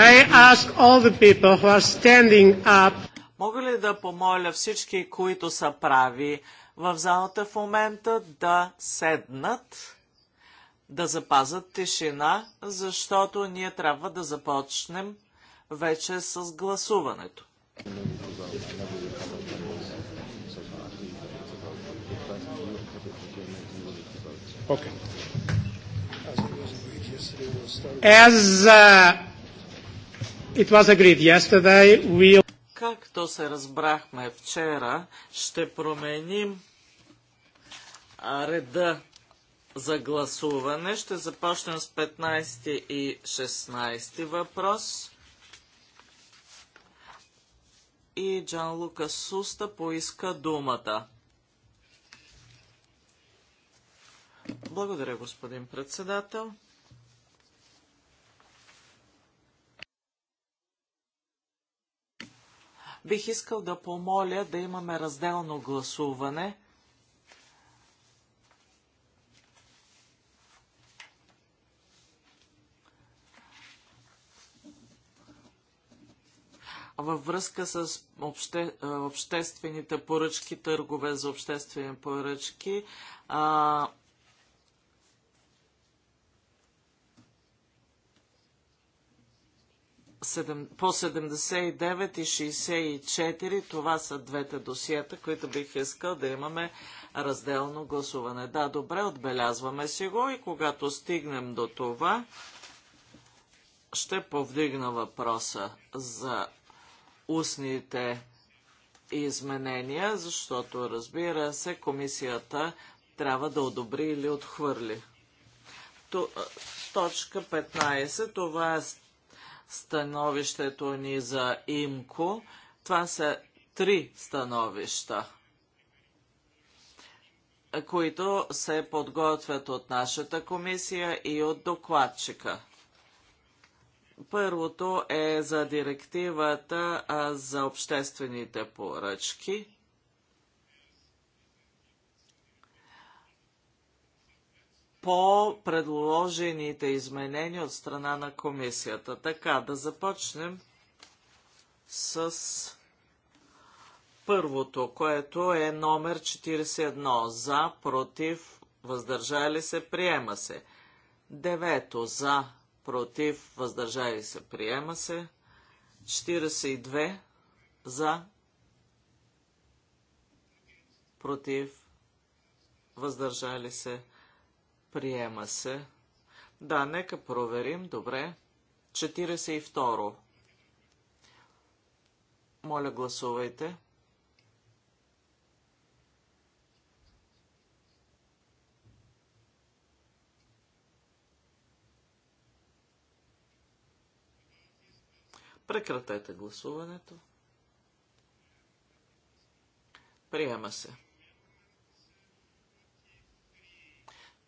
May I ask all the people who are standing up? Мога ли да помоля всички, които са прави в залата в момента, да седнат, да запазят тишина, защото ние трябва да започнем вече с гласуването. Okay. As uh, it was agreed yesterday, Както се разбрахме вчера, ще променим реда за гласуване. Ще започнем с 15 и 16 въпрос. И Джан Лука Суста поиска думата. Благодаря, господин председател. бих искал да помоля да имаме разделно гласуване. във връзка с обще, обществените поръчки, търгове за обществени поръчки, а, по 79 и 64, това са двете досиета, които бих искал да имаме разделно гласуване. Да, добре, отбелязваме си го и когато стигнем до това, ще повдигна въпроса за устните изменения, защото разбира се, комисията трябва да одобри или отхвърли. Точка 15, това е становището ни за ИМКО. Това са три становища, които се подготвят от нашата комисия и от докладчика. Първото е за директивата за обществените поръчки. по предложените изменения от страна на комисията. Така, да започнем с първото, което е номер 41. За, против, въздържали се, приема се. Девето. За, против, въздържали се, приема се. 42. За, против, въздържали се, Приема се. Да, нека проверим. Добре. 42. Моля, гласувайте. Прекратете гласуването. Приема се.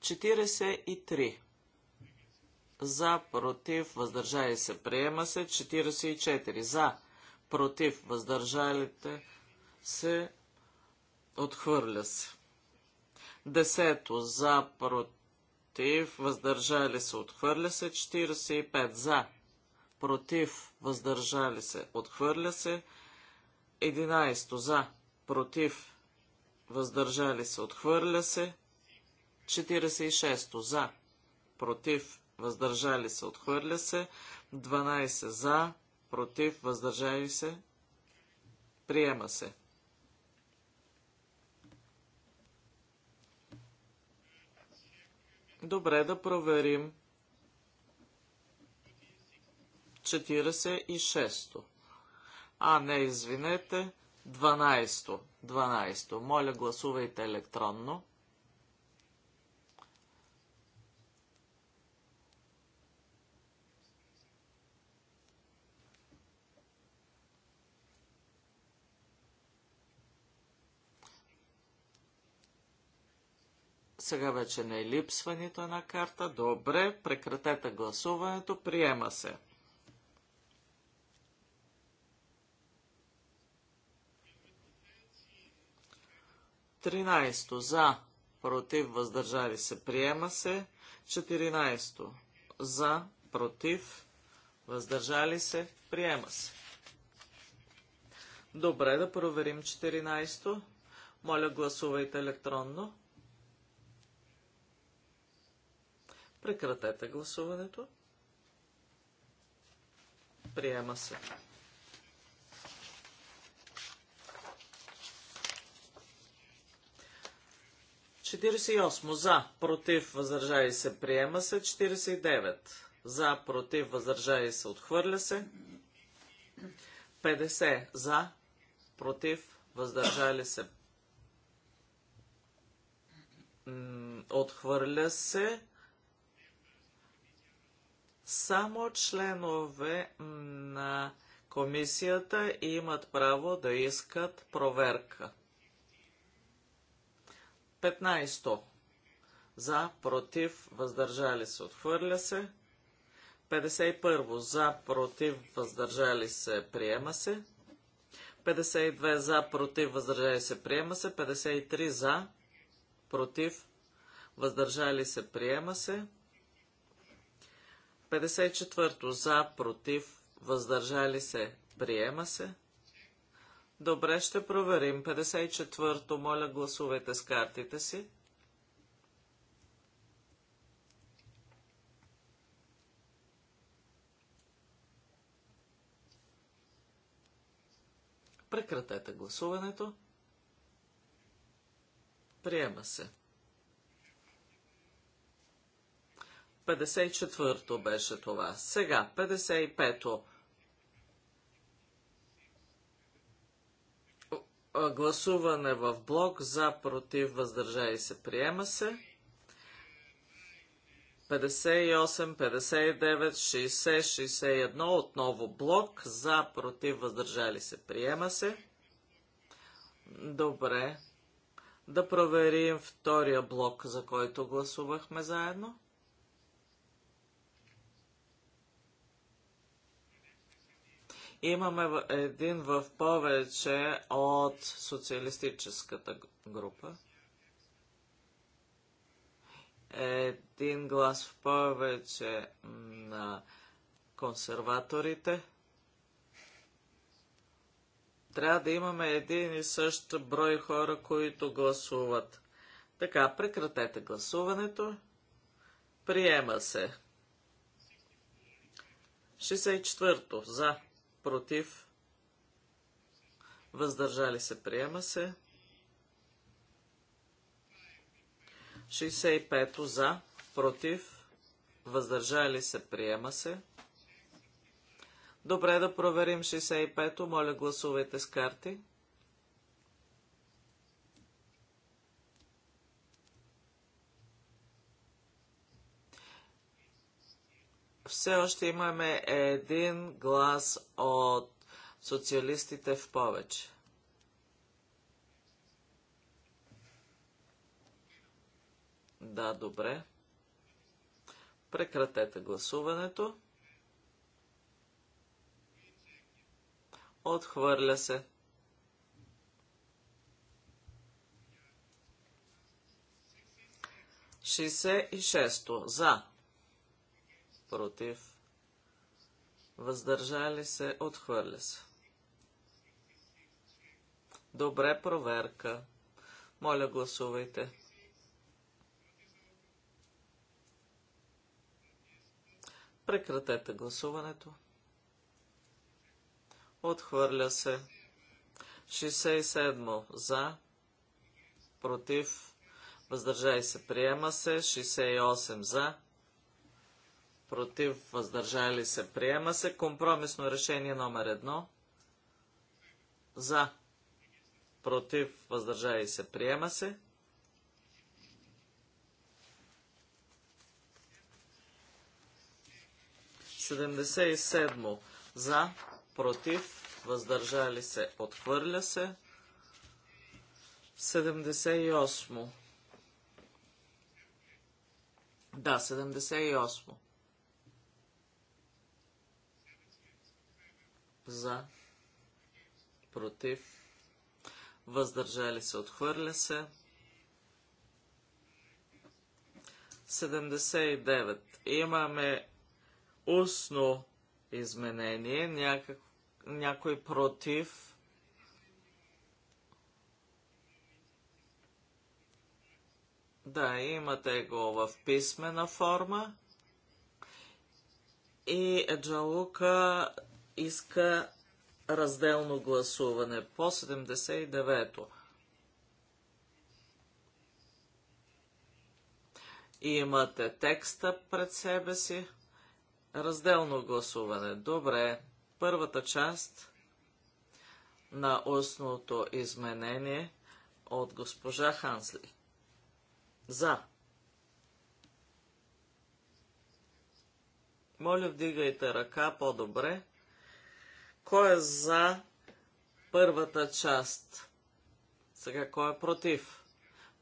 43. За, против, въздържали се, приема се. 44. За, против, въздържалите се, отхвърля се. Десето. За, против, въздържали се, отхвърля се. 45. За, против, въздържали се, отхвърля се. 11. За, против, въздържали се, отхвърля се. 46 за, против, въздържали се, отхвърля се. 12 за, против, въздържали се, приема се. Добре, да проверим 46-то. А, не, извинете, 12-то. 12-то. Моля, гласувайте електронно. Сега вече не липсва нито една карта. Добре, прекратете гласуването. Приема се. Тринайсто за, против, въздържали се, приема се. Четиринайсто за, против, въздържали се, приема се. Добре, да проверим 14 Моля, гласувайте електронно. Прекратете гласуването. Приема се. Четиридесет За, против, въздържали се, приема се. 49. За, против, въздържали се, отхвърля се. 50. За, против, въздържали се, отхвърля се. Само членове на комисията имат право да искат проверка. 15. За, против, въздържали се, отхвърля се. 51. За, против, въздържали се, приема се. 52. За, против, въздържали се, приема се. 53. За, против, въздържали се, приема се. 54 за, против, въздържали се, приема се. Добре, ще проверим. 54-то, моля гласувайте с картите си. Прекратете гласуването. Приема се. 54-то беше това. Сега, 55-то. Гласуване в блок за, против, въздържали се, приема се. 58, 59, 60, 61, отново блок, за, против, въздържали се, приема се. Добре. Да проверим втория блок, за който гласувахме заедно. Имаме един в повече от социалистическата група. Един глас в повече на консерваторите. Трябва да имаме един и същ брой хора, които гласуват. Така, прекратете гласуването. Приема се. 64 За против, въздържали се, приема се. 65 то за, против, въздържали се, приема се. Добре да проверим 65-то, моля гласувайте с карти. 65. все още имаме един глас от социалистите в повече. Да, добре. Прекратете гласуването. Отхвърля се. Шестдесет и шесто. За против, въздържали се, отхвърля се. Добре, проверка. Моля, гласувайте. Прекратете гласуването. Отхвърля се. 67 за, против, Въздържай се, приема се. 68 за, против, въздържали се, приема се. Компромисно решение номер едно. За, против, въздържали се, приема се. Седемдесет и седмо. За, против, въздържали се, отхвърля се. 78. Да, 78. за, против, въздържали се, отхвърля се. 79. Имаме устно изменение, някак, някой против. Да, имате го в писмена форма. И Джалука иска разделно гласуване по 79-то. Имате текста пред себе си. Разделно гласуване. Добре. Първата част на устното изменение от госпожа Хансли. За. Моля, вдигайте ръка по-добре. Кой е за първата част? Сега кой е против?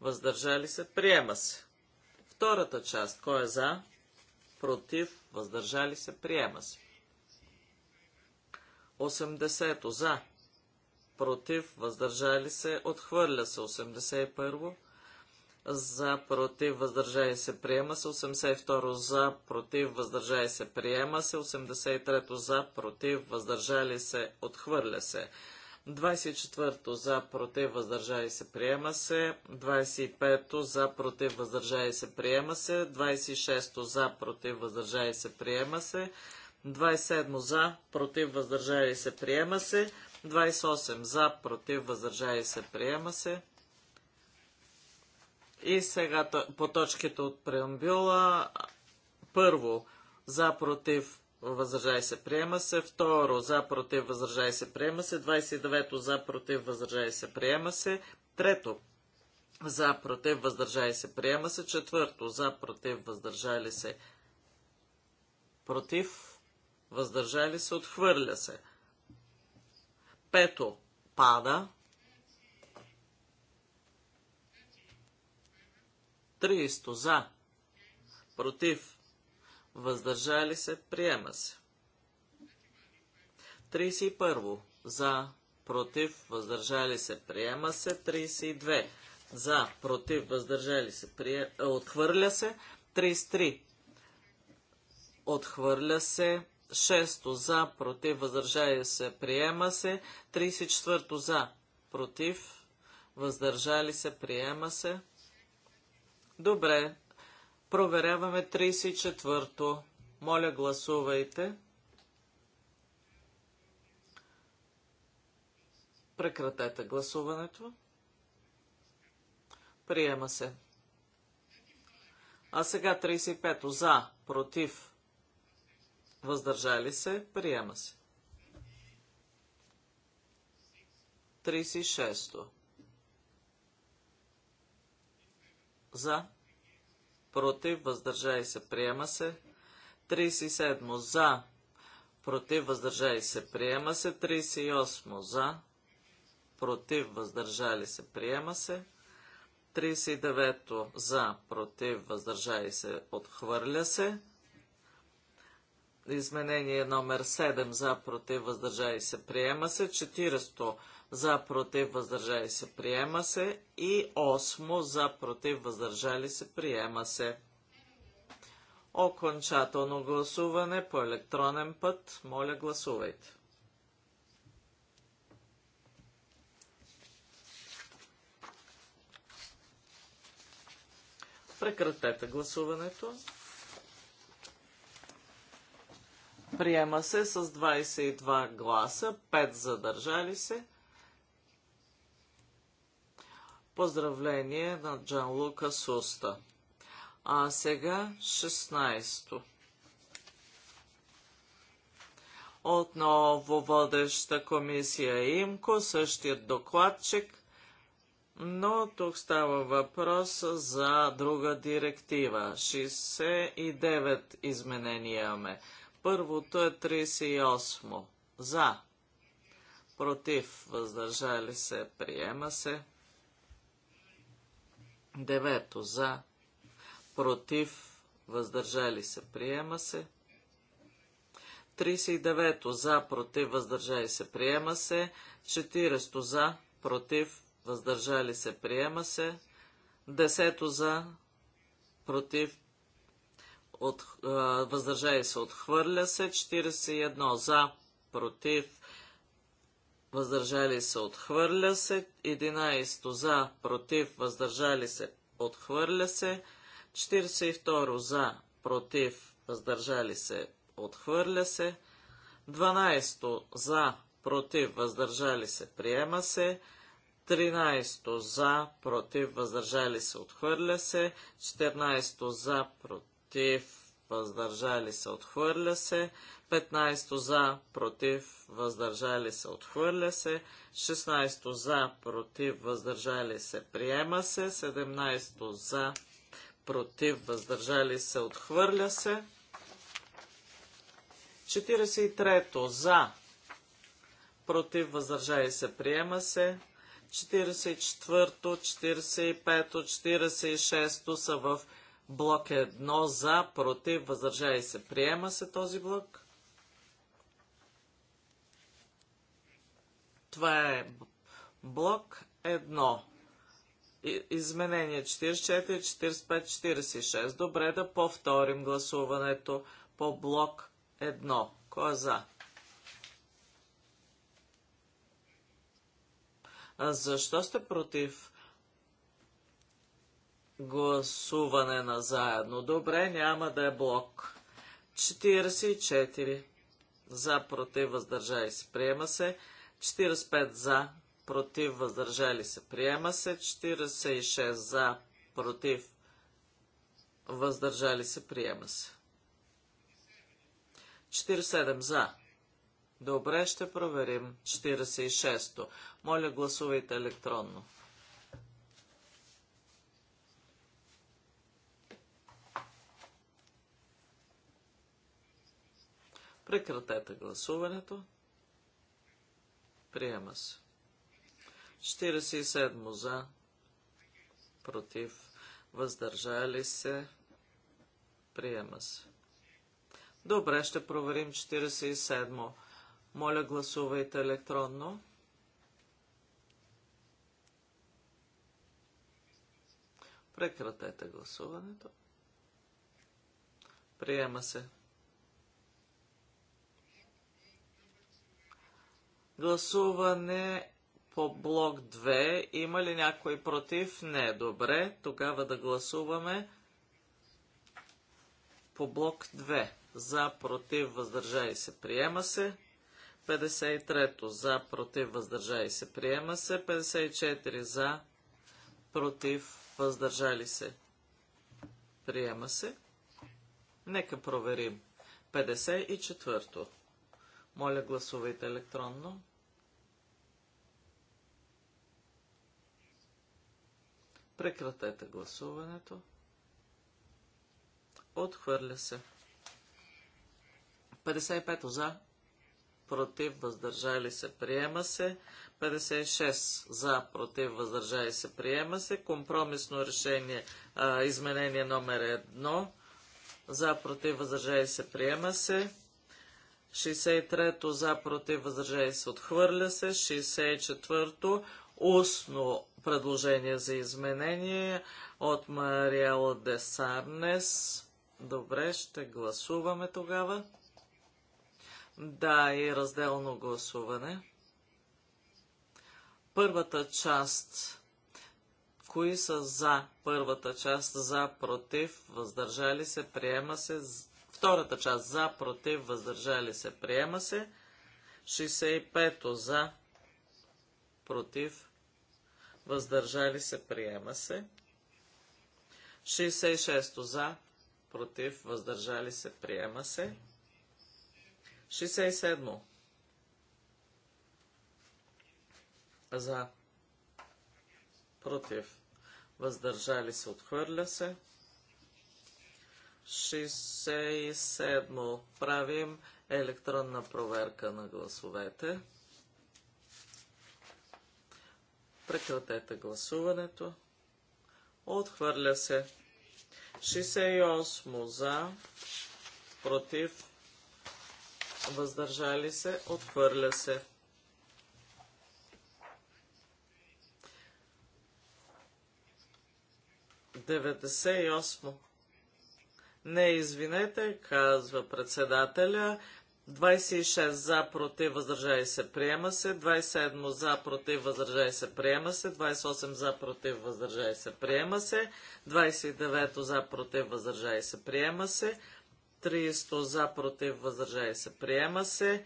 Въздържали се? Приема се. Втората част. Кой е за? Против? Въздържали се? Приема се. 80 за. Против? Въздържали се? Отхвърля се. 81 за против въздържали се приема се, 82 за против въздържали се приема се, 83 за против въздържали се отхвърля се. 24 за против въздържали се приема се, 25 за против въздържали се приема се, 26 за против въздържали се приема се, 27 за против въздържали се приема се, 28 за против въздържали се приема се. И сега по точките от преамбюла. Първо, за против възражай се приема се. Второ, за против възражай се приема се. 29 за против възражай се приема се. Трето, за против въздържай се приема се. Четвърто, за против въздържали се против въздържали се отхвърля се. Пето, пада. 30 за, против, въздържали се, приема се. 31 за, против, въздържали се, приема се. 32 за, против, въздържали се, прие... Е, отхвърля се. 33 отхвърля се. 6 за, против, въздържали се, приема се. 34 за, против, въздържали се, приема се. Добре. Проверяваме 34-то. Моля, гласувайте. Прекратете гласуването. Приема се. А сега 35-то. За, против, въздържали се, приема се. 36-то. за, против, Въздържай се, приема се. 37 за, против, Въздържай се, приема се. 38 за, против, въздържали се, приема се. 39 за, против, Въздържай се, отхвърля се. Изменение номер 7 за, против, Въздържай се, приема се. 40 за против въздържали се приема се и 8 за против въздържали се приема се. Окончателно гласуване по електронен път. Моля гласувайте. Прекратете гласуването. Приема се с 22 гласа, 5 задържали се. Поздравление на Джан Лука Суста. А сега 16-то. Отново водеща комисия ИМКО, същият докладчик, но тук става въпрос за друга директива. 69 изменения имаме. Първото е 38. За. Против. Въздържали се. Приема се. Девето за, против, въздържали се, приема се. 39 за, против, въздържали се, приема се. 40 за, против, въздържали се, приема се. 10 за, против, от, въздържали се, отхвърля се. 41 за, против, въздържали се, отхвърля се, 11 за, против, въздържали се, отхвърля се, 42 за, против, въздържали се, отхвърля се, 12 за, против, въздържали се, приема се, 13 за, против, въздържали се, отхвърля се, 14 за, против, въздържали се, отхвърля се, 15 за, против, въздържали се, отхвърля се. 16 за, против, въздържали се, приема се. 17 за, против, въздържали се, отхвърля се. 43 за, против, въздържали се, приема се. 44-то, 45-то, 46-то са в блок 1 за, против, въздържали се, приема се този блок. Това е блок 1. Изменение 44, 45, 46. Добре, да повторим гласуването по блок 1. Кой е за? А защо сте против гласуване на заедно? Добре, няма да е блок. 44. За, против, въздържай се. Приема се. 45 за, против, въздържали се, приема се. 46 за, против, въздържали се, приема се. 47 за. Добре, ще проверим. 46-то. Моля, гласувайте електронно. Прекратете гласуването. Приема се. 47 за. Против. Въздържали се. Приема се. Добре, ще проверим 47. Моля, гласувайте електронно. Прекратете гласуването. Приема се. Гласуване по блок 2. Има ли някой против? Не. Добре. Тогава да гласуваме по блок 2. За, против, и се, приема се. 53 за, против, и се, приема се. 54 за, против, въздържали се, приема се. Нека проверим. 54-то. Моля, гласувайте електронно. Прекратете гласуването. Отхвърля се. 55 за, против, въздържали се, приема се. 56 за, против, въздържали се, приема се. Компромисно решение, а, изменение номер 1 за, против, въздържали се, приема се. 63-то за против въздържали се отхвърля се. 64-то устно предложение за изменение от Мариела Десарнес. Добре, ще гласуваме тогава. Да, и разделно гласуване. Първата част. Кои са за първата част? За, против, въздържали се, приема се. Втората част за, против, въздържали се, приема се. 65-то за, против, въздържали се, приема се. 66-то за, против, въздържали се, приема се. 67-то за, против, въздържали се, отхвърля се. 67. Правим електронна проверка на гласовете. Прекратете гласуването. Отхвърля се. 68 за, против, въздържали се, отхвърля се. Деветдесет и осмо. Не, извинете, казва председателя. 26 за, против, въздържали се, приема се. 27 за, против, въздържали се, приема се. 28 за, против, въздържали се, приема се. 29 за, против, въздържали се, приема се. 30 за, против, въздържали се, приема се.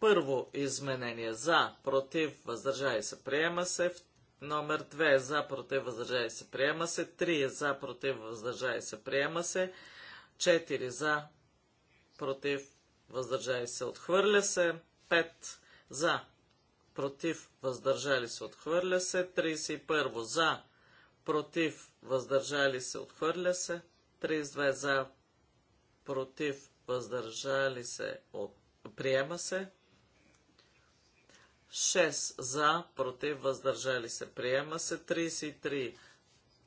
Първо изменение за, против, въздържали се, приема се. Номер 2 е за против въздържали се приема се. 3 е за против въздържали се приема се. 4 за против въздържали се отхвърля се. 5 за против въздържали се отхвърля се. 31 за против въздържали се отхвърля се. 32 за против въздържали се от... приема се. 6 за, против, въздържали се, приема се. 33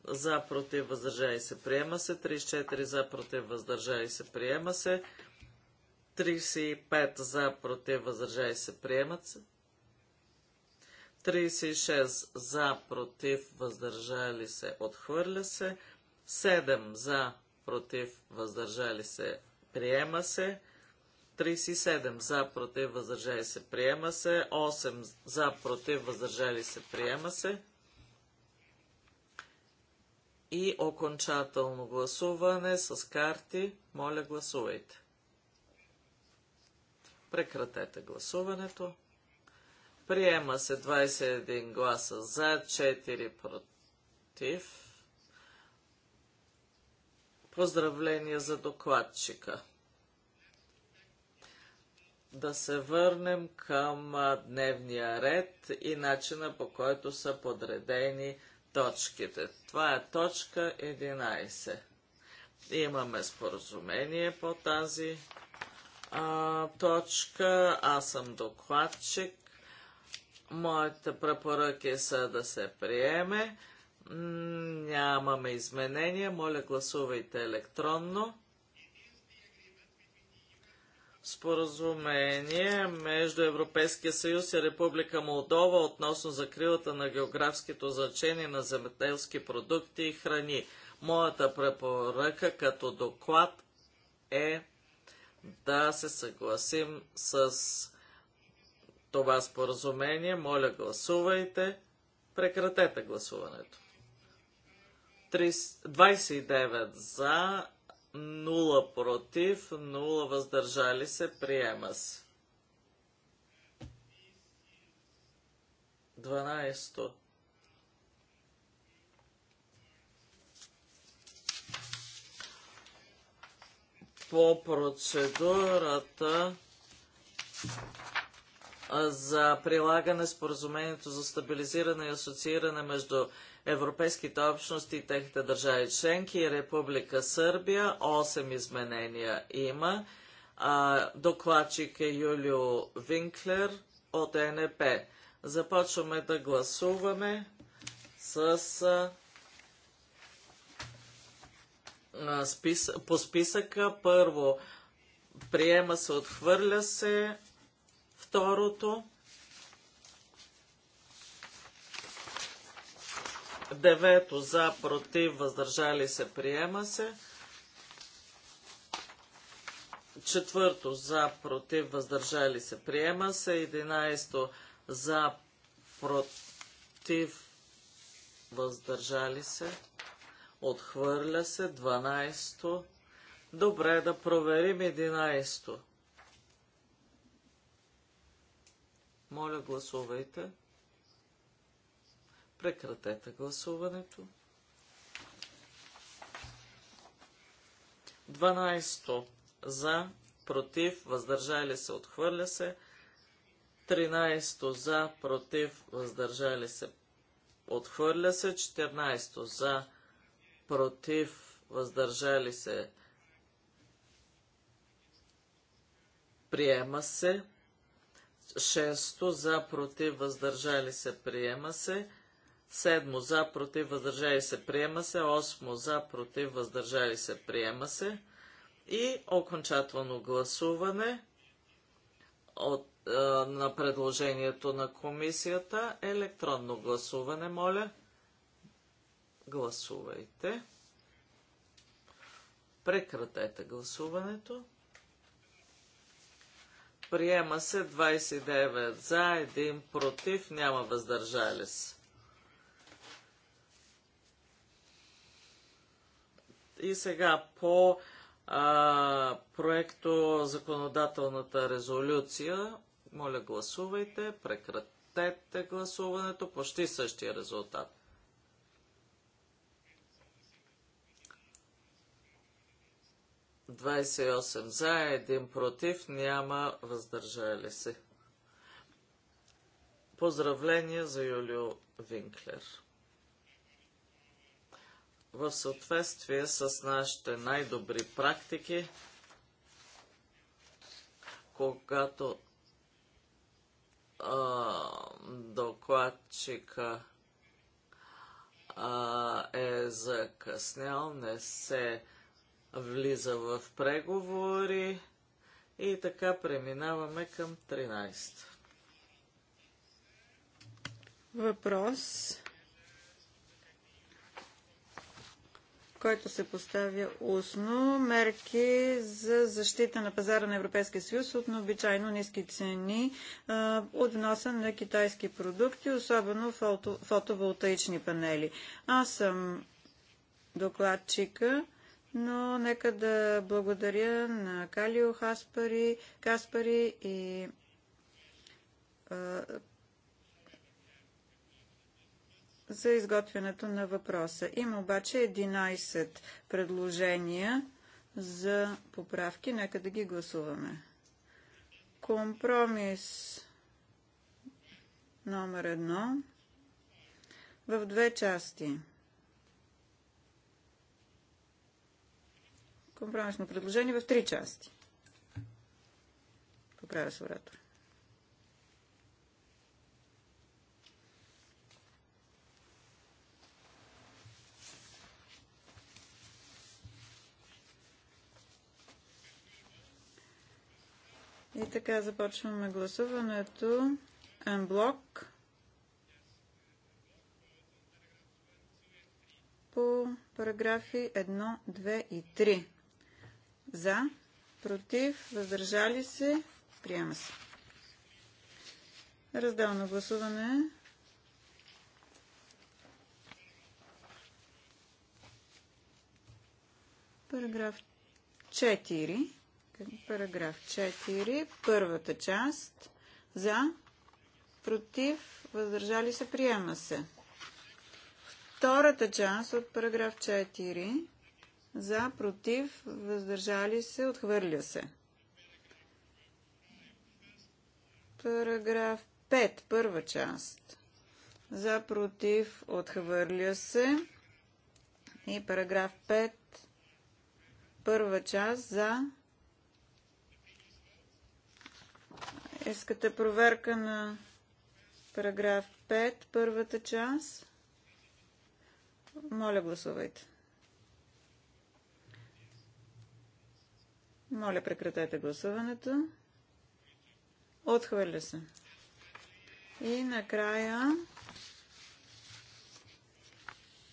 за, против, въздържали се, приема се. 34 за, против, въздържали се, приема се. 35 за, против, въздържали се, приемат се. 36 за, против, въздържали се, отхвърля се. 7 за, против, въздържали се, приема се. 37 за, против, въздържали се, приема се. 8 за, против, въздържали се, приема се. И окончателно гласуване с карти. Моля, гласувайте. Прекратете гласуването. Приема се 21 гласа за, 4 против. Поздравления за докладчика да се върнем към дневния ред и начина по който са подредени точките. Това е точка 11. Имаме споразумение по тази а, точка. Аз съм докладчик. Моите препоръки са да се приеме. Нямаме изменения. Моля, гласувайте електронно споразумение между Европейския съюз и Република Молдова относно закрилата на географското значение на земеделски продукти и храни. Моята препоръка като доклад е да се съгласим с това споразумение. Моля, гласувайте. Прекратете гласуването. 29 за, 0 против, 0 въздържали се, приема се. 12. По процедурата за прилагане споразумението за стабилизиране и асоцииране между Европейските общности и техните държави членки и Република Сърбия. Осем изменения има. докладчик е Юлио Винклер от НП. Започваме да гласуваме с а, спис... по списъка. Първо, приема се, отхвърля се. Второто, Девето за, против, въздържали се, приема се. Четвърто за, против, въздържали се, приема се. Единайсто за, против, въздържали се, отхвърля се. Дванайсто. Добре, да проверим единайсто. Моля, гласувайте. Прекратете гласуването. 12 за, против, въздържали се, отхвърля се. 13 за, против, въздържали се, отхвърля се. 14 за, против, въздържали се, приема се. 6 за, против, въздържали се, приема се. Седмо за, против, въздържали се, приема се. Осмо за, против, въздържали се, приема се. И окончателно гласуване от, е, на предложението на комисията. Електронно гласуване, моля. Гласувайте. Прекратете гласуването. Приема се 29 за, 1 против, няма въздържали се. И сега по а, проекто законодателната резолюция, моля гласувайте, прекратете гласуването, почти същия резултат. за, един против, няма въздържали се. Поздравления за Юлио Винклер в съответствие с нашите най-добри практики, когато а, докладчика а, е закъснял, не се влиза в преговори и така преминаваме към 13. Въпрос който се поставя устно. Мерки за защита на пазара на Европейския съюз от необичайно ниски цени от вноса на китайски продукти, особено фото, фотоволтаични панели. Аз съм докладчика, но нека да благодаря на Калио Хаспари, Каспари и а, за изготвянето на въпроса. Има обаче 11 предложения за поправки. Нека да ги гласуваме. Компромис номер едно в две части. Компромисно предложение в три части. Поправя се оратора. И така започваме гласуването. Анблок. По параграфи 1, 2 и 3. За, против, въздържали се, приема се. Разделно гласуване. Параграф 4. Параграф 4. Първата част. За. Против. Въздържали се. Приема се. Втората част от параграф 4. За. Против. Въздържали се. Отхвърля се. Параграф 5. Първа част. За. Против. Отхвърля се. И параграф 5. Първа част. За Искате проверка на параграф 5, първата част. Моля, гласувайте. Моля, прекратете гласуването. Отхвърля се. И накрая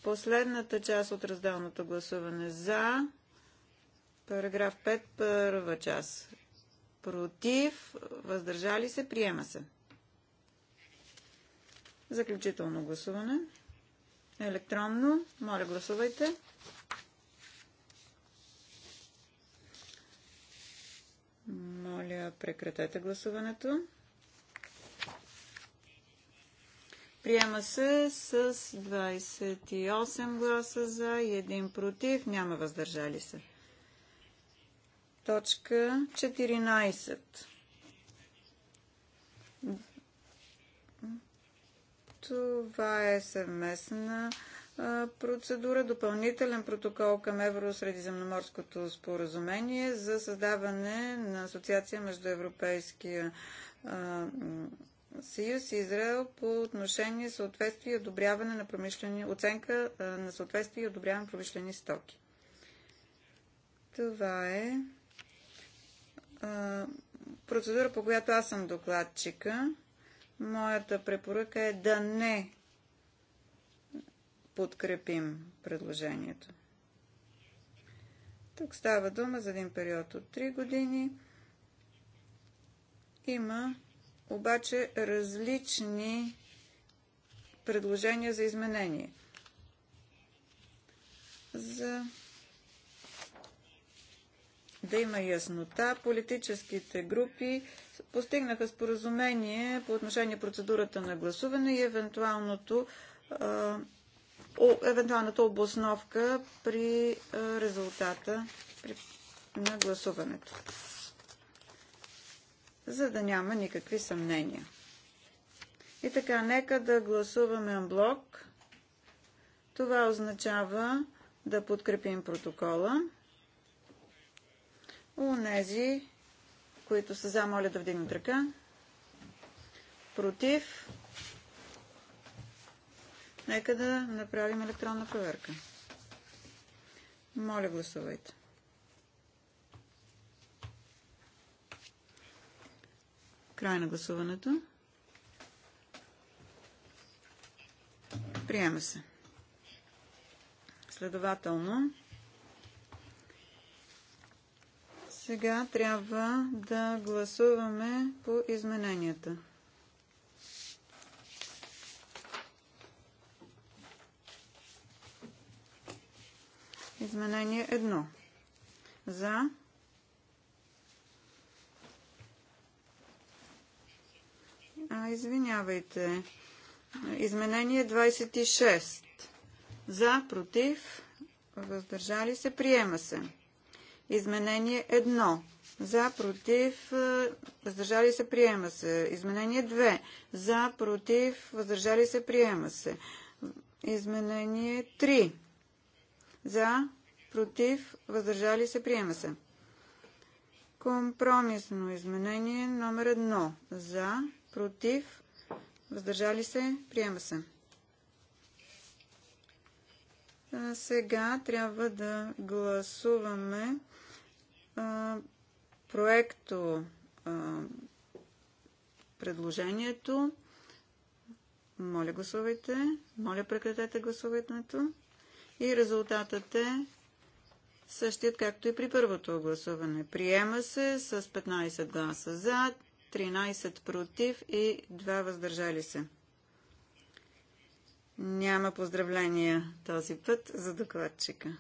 последната част от разделното гласуване за параграф 5, първа част против, въздържали се, приема се. Заключително гласуване. Електронно. Моля, гласувайте. Моля, прекратете гласуването. Приема се с 28 гласа за и 1 против. Няма въздържали се. Точка 14. Това е съвместна процедура, допълнителен протокол към Евросредиземноморското споразумение за създаване на асоциация между Европейския съюз и Израел по отношение съответствие и одобряване на промишлени, оценка на съответствие и одобряване на промишлени стоки. Това е процедура, по която аз съм докладчика. Моята препоръка е да не подкрепим предложението. Тук става дума за един период от 3 години. Има обаче различни предложения за изменение. За да има яснота. Политическите групи постигнаха споразумение по отношение процедурата на гласуване и евентуалното евентуалната обосновка при резултата на гласуването. За да няма никакви съмнения. И така, нека да гласуваме блок. Това означава да подкрепим протокола. Унези, които са за, моля да вдигнат ръка. Против. Нека да направим електронна проверка. Моля, гласувайте. Край на гласуването. Приема се. Следователно, Сега трябва да гласуваме по измененията. Изменение 1. За. А, извинявайте. Изменение 26. За, против, въздържали се, приема се. Изменение 1. Е, За, против, въздържали се, приема се. Изменение 2. За, против, въздържали се, приема се. Изменение 3. За, против, въздържали се, приема се. Компромисно изменение номер 1. За, против, въздържали се, приема се. Сега трябва да гласуваме проекто предложението. Моля гласувайте. Моля прекратете гласуването. И резултатът е същият както и при първото гласуване. Приема се с 15 гласа за, 13 против и 2 въздържали се. Няма поздравления този път за докладчика.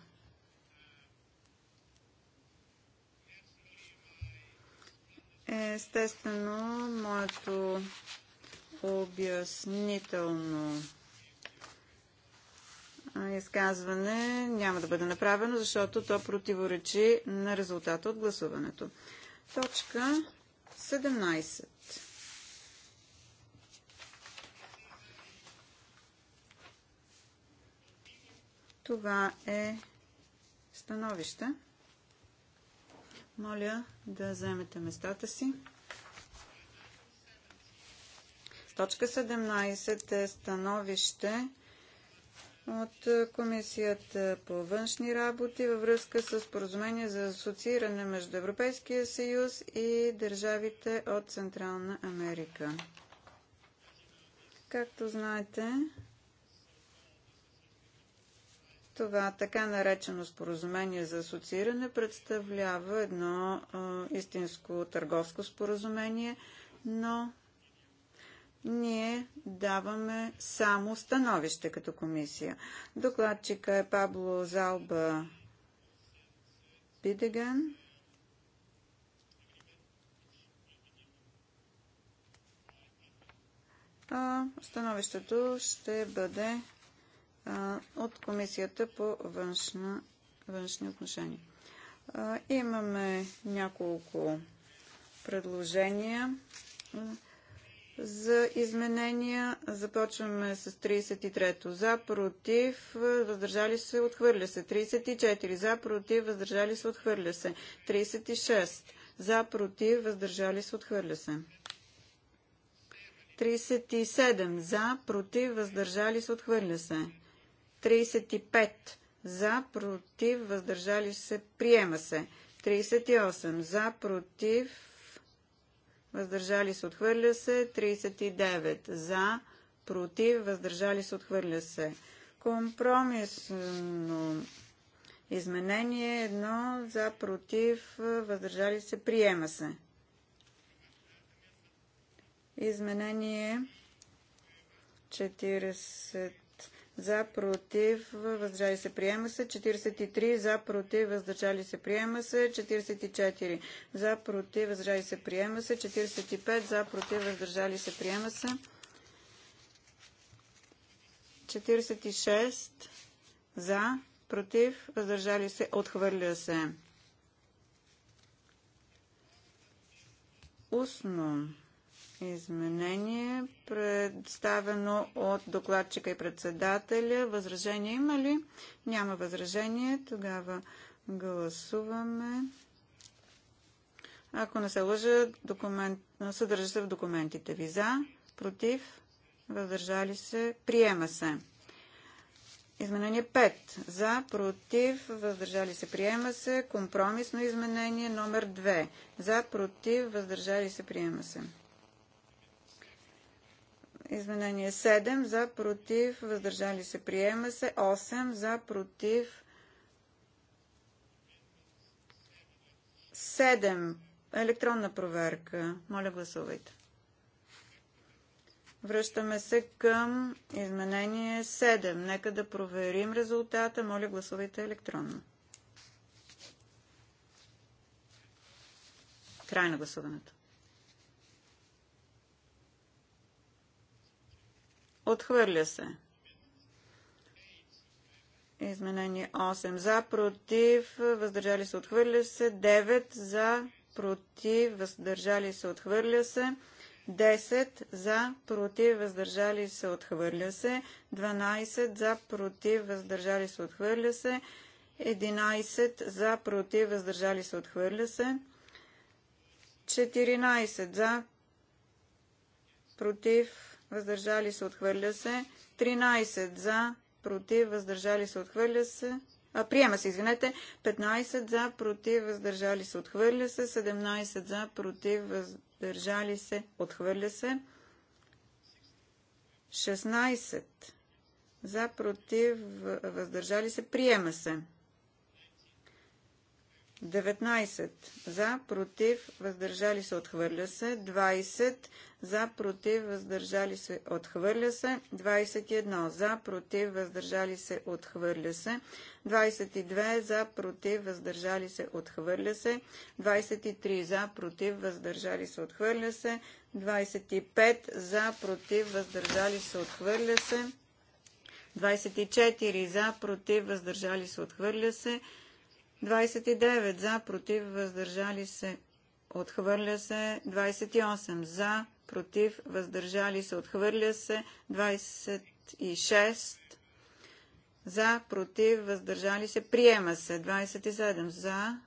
Естествено, моето обяснително изказване няма да бъде направено, защото то противоречи на резултата от гласуването. Точка 17. Това е становище. Моля да вземете местата си. Точка 17 е становище от Комисията по външни работи във връзка с споразумение за асоцииране между Европейския съюз и държавите от Централна Америка. Както знаете, това така наречено споразумение за асоцииране представлява едно а, истинско търговско споразумение, но ние даваме само становище като комисия. Докладчика е Пабло Залба Бидеган. А становището ще бъде от Комисията по външна, външни отношения. Имаме няколко предложения за изменения. Започваме с 33-то. За, против, въздържали се, отхвърля се. 34. За, против, въздържали се, отхвърля се. 36. За, против, въздържали се, отхвърля се. 37. За, против, въздържали се, отхвърля се. 35 за, против, въздържали се, приема се. 38 за, против, въздържали се, отхвърля се. 39 за, против, въздържали се, отхвърля се. Компромисно изменение Едно за, против, въздържали се, приема се. Изменение 40 за, против, въздържали се, приема се. 43 за, против, въздържали се, приема се. 44 за, против, въздържали се, приема се. 45 за, против, въздържали се, приема се. 46 за, против, въздържали се, отхвърля се. Устно изменение, представено от докладчика и председателя. Възражение има ли? Няма възражение. Тогава гласуваме. Ако не се лъжа, документ... съдържа се в документите ви за, против, въздържали се, приема се. Изменение 5. За, против, въздържали се, приема се. Компромисно изменение номер 2. За, против, въздържали се, приема се. Изменение 7 за против, въздържали се, приема се. 8 за против. 7. Електронна проверка. Моля, гласувайте. Връщаме се към изменение 7. Нека да проверим резултата. Моля, гласувайте електронно. Край на гласуването. Отхвърля се. Изменение 8 за, против, въздържали се, отхвърля се. 9 за, против, въздържали се, отхвърля се. 10 за, против, въздържали се, отхвърля се. 12 за, против, въздържали се, отхвърля се. 11 за, против, въздържали се, отхвърля се. 14 за, против, въздържали се, отхвърля се. 13 за, против, въздържали се, отхвърля се. А, приема се, извинете. 15 за, против, въздържали се, отхвърля се. 17 за, против, въздържали се, отхвърля се. 16 за, против, въздържали се, приема се. 19 за, против, въздържали се, отхвърля се. 20 за, против, въздържали се, отхвърля се. 21 за, против, въздържали се, отхвърля се. 22 за, против, въздържали се, отхвърля се. 23 за, против, въздържали се, отхвърля се. 25 за, против, въздържали се, отхвърля се. 24 за, против, въздържали се, отхвърля се. 29 за, против, въздържали се, отхвърля се. 28 за, против, въздържали се, отхвърля се. 26 за, против, въздържали се, приема се. 27 за,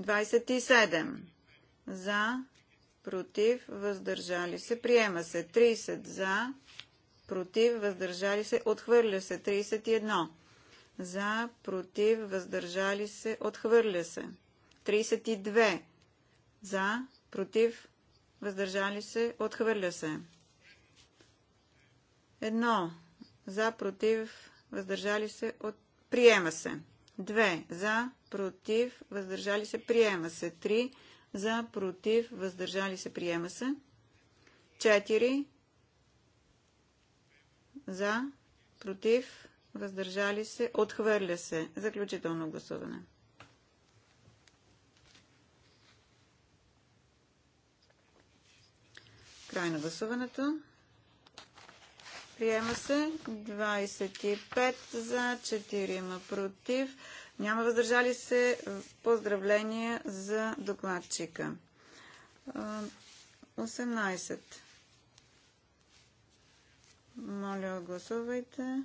Двадесет и седем. За, против, въздържали се, приема се. Тридесет за, против, въздържали се, отхвърля се. 31. За, против, въздържали се, отхвърля се. 32. За, против, въздържали се, отхвърля се. 1. За, против, въздържали се, от... приема се. 2. За, против, въздържали се, приема се. 3. За, против, въздържали се, приема се. 4. За, против, въздържали се, отхвърля се. Заключително гласуване. Край на гласуването. Приема се 25 за 4 против. Няма въздържали се. Поздравления за докладчика. 18. Моля, гласувайте.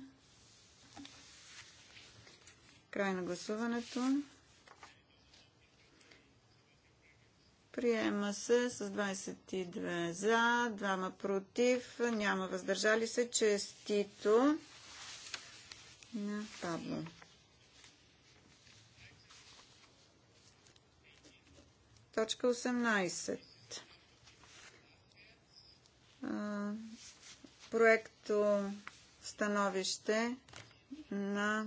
Край на гласуването. Приема се с 22 за, 2 против, няма въздържали се. Честито на Пабло. Точка 18 проекто становище на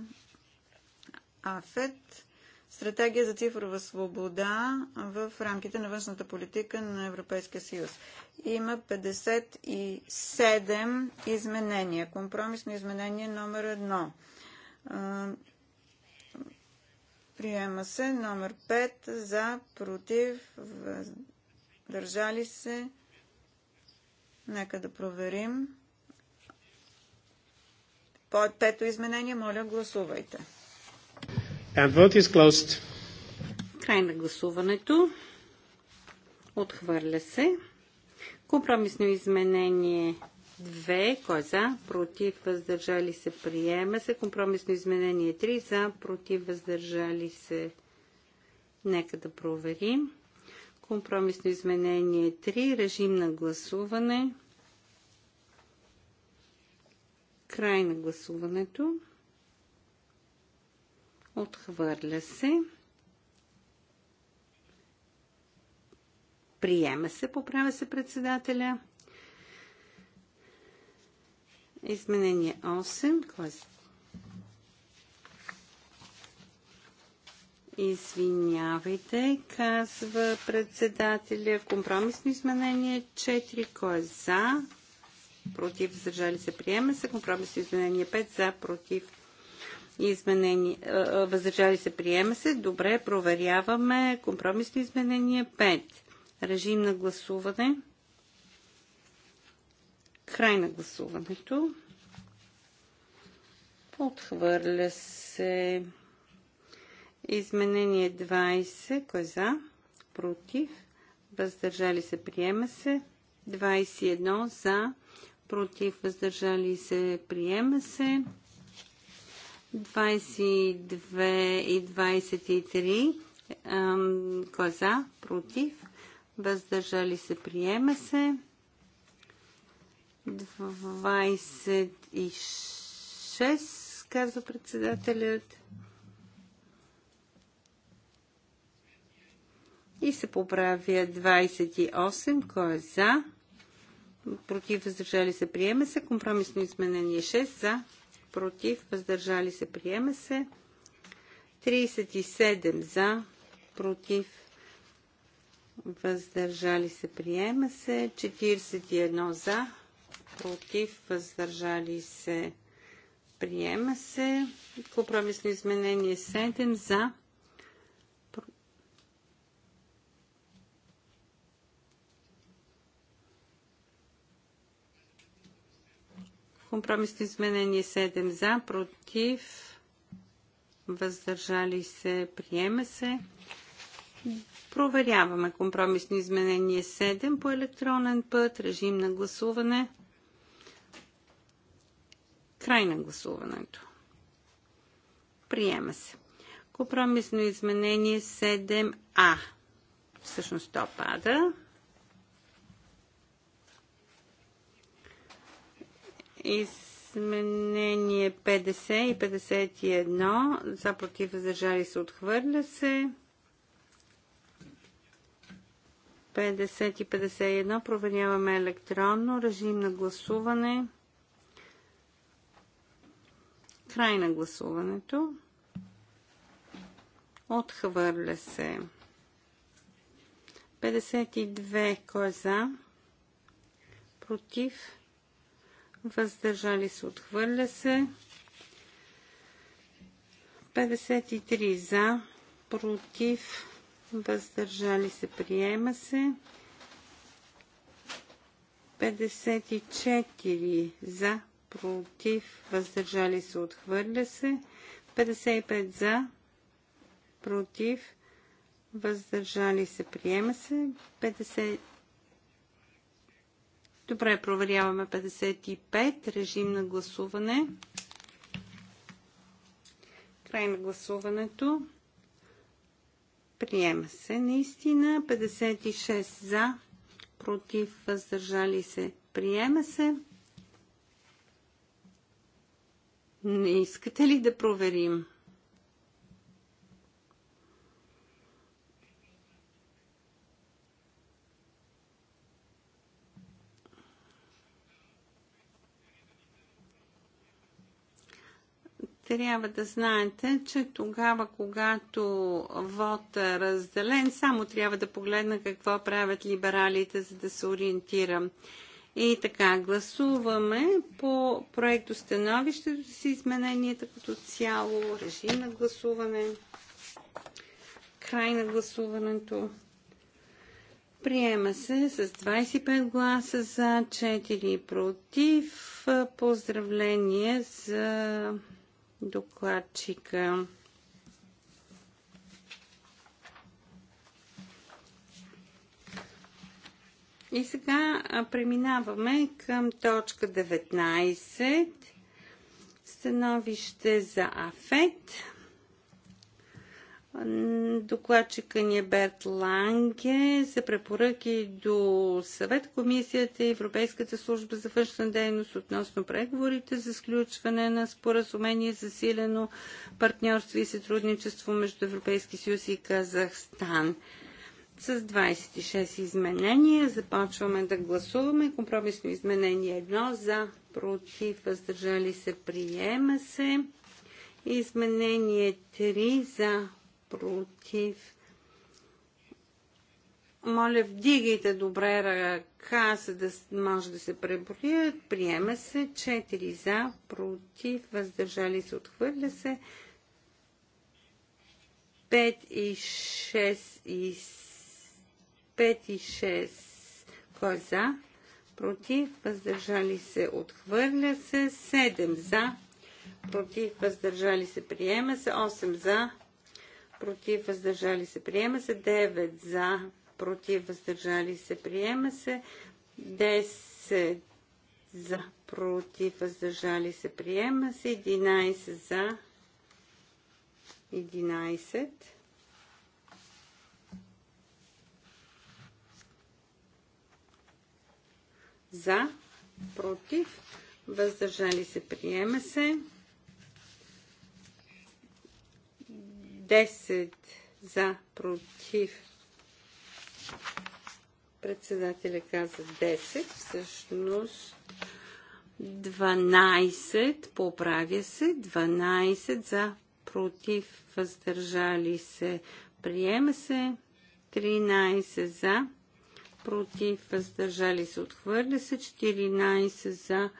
АФЕТ Стратегия за цифрова свобода в рамките на външната политика на Европейския съюз. Има 57 изменения. Компромисно изменение номер 1. Приема се номер 5 за, против, държали се. Нека да проверим. По пето изменение, моля, гласувайте. And vote is closed. Край на гласуването. Отхвърля се. Компромисно изменение 2. Кой е за? Против. Въздържали се. Приема се. Компромисно изменение 3. За. Против. Въздържали се. Нека да проверим. Компромисно изменение 3. Режим на гласуване. Край на гласуването. Отхвърля се. Приема се, поправя се председателя. Изменение 8. Е Извинявайте, казва председателя. Компромисно изменение 4. Кой е за? против, въздържали се, приема се. и изменение 5 за, против, изменение, въздържали се, приема се. Добре, проверяваме компромисно изменение 5. Режим на гласуване. Край на гласуването. Отхвърля се. Изменение 20. Кой е за? Против. Въздържали се. Приема се. 21 за против, въздържали се, приема се. 22 и 23 коза, е против, въздържали се, приема се. 26, казва председателят. И се поправя 28, кой е за, против, въздържали се, приема се. Компромисно изменение 6 за, против, въздържали се, приема се. 37 за, против, въздържали се, приема се. 41 за, против, въздържали се, приема се. Компромисно изменение 7 за, Компромисно изменение 7 за, против, въздържали се, приема се. Проверяваме компромисно изменение 7 по електронен път, режим на гласуване. Край на гласуването. Приема се. Компромисно изменение 7А. Всъщност то пада. Изменение 50 и 51. За против въздържали се отхвърля се. 50 и 51 проверяваме електронно. Режим на гласуване. Край на гласуването. Отхвърля се. 52 кой е за? Против въздържали се, отхвърля се. 53 за, против, въздържали се, приема се. 54 за, против, въздържали се, отхвърля се. 55 за, против, въздържали се, приема се. 50... Добре, проверяваме 55. Режим на гласуване. Край на гласуването. Приема се наистина. 56 за, против, въздържали се. Приема се. Не искате ли да проверим? трябва да знаете, че тогава, когато вод е разделен, само трябва да погледна какво правят либералите, за да се ориентирам. И така, гласуваме по проекто становището с измененията като цяло, режим на гласуване, край на гласуването. Приема се с 25 гласа за 4 против. Поздравление за докладчика. И сега преминаваме към точка 19. Становище за АФЕТ. Докладчика ни е Берт Ланге за препоръки до съвет комисията и Европейската служба за външна дейност относно преговорите за сключване на споразумение за силено партньорство и сътрудничество между Европейски съюз и Казахстан. С 26 изменения започваме да гласуваме. Компромисно изменение 1 за против въздържали се приема се. Изменение 3 за против. Моля, вдигайте добре ръка, за да може да се преброят. Приема се 4 за, против, въздържали се, отхвърля се. 5 и 6 и 5 и 6 кой е за? Против, въздържали се, отхвърля се. 7 за, против, въздържали се, приема се. 8 за, против, въздържали се, приема се. 9 за, против, въздържали се, приема се. 10 за, против, въздържали се, приема се. 11 за, 11. За, против, въздържали се, приема се. 10 за, против. Председателя каза 10, всъщност 12, поправя се, 12 за, против, въздържали се, приема се, 13 за, против, въздържали се, отхвърля се, 14 за,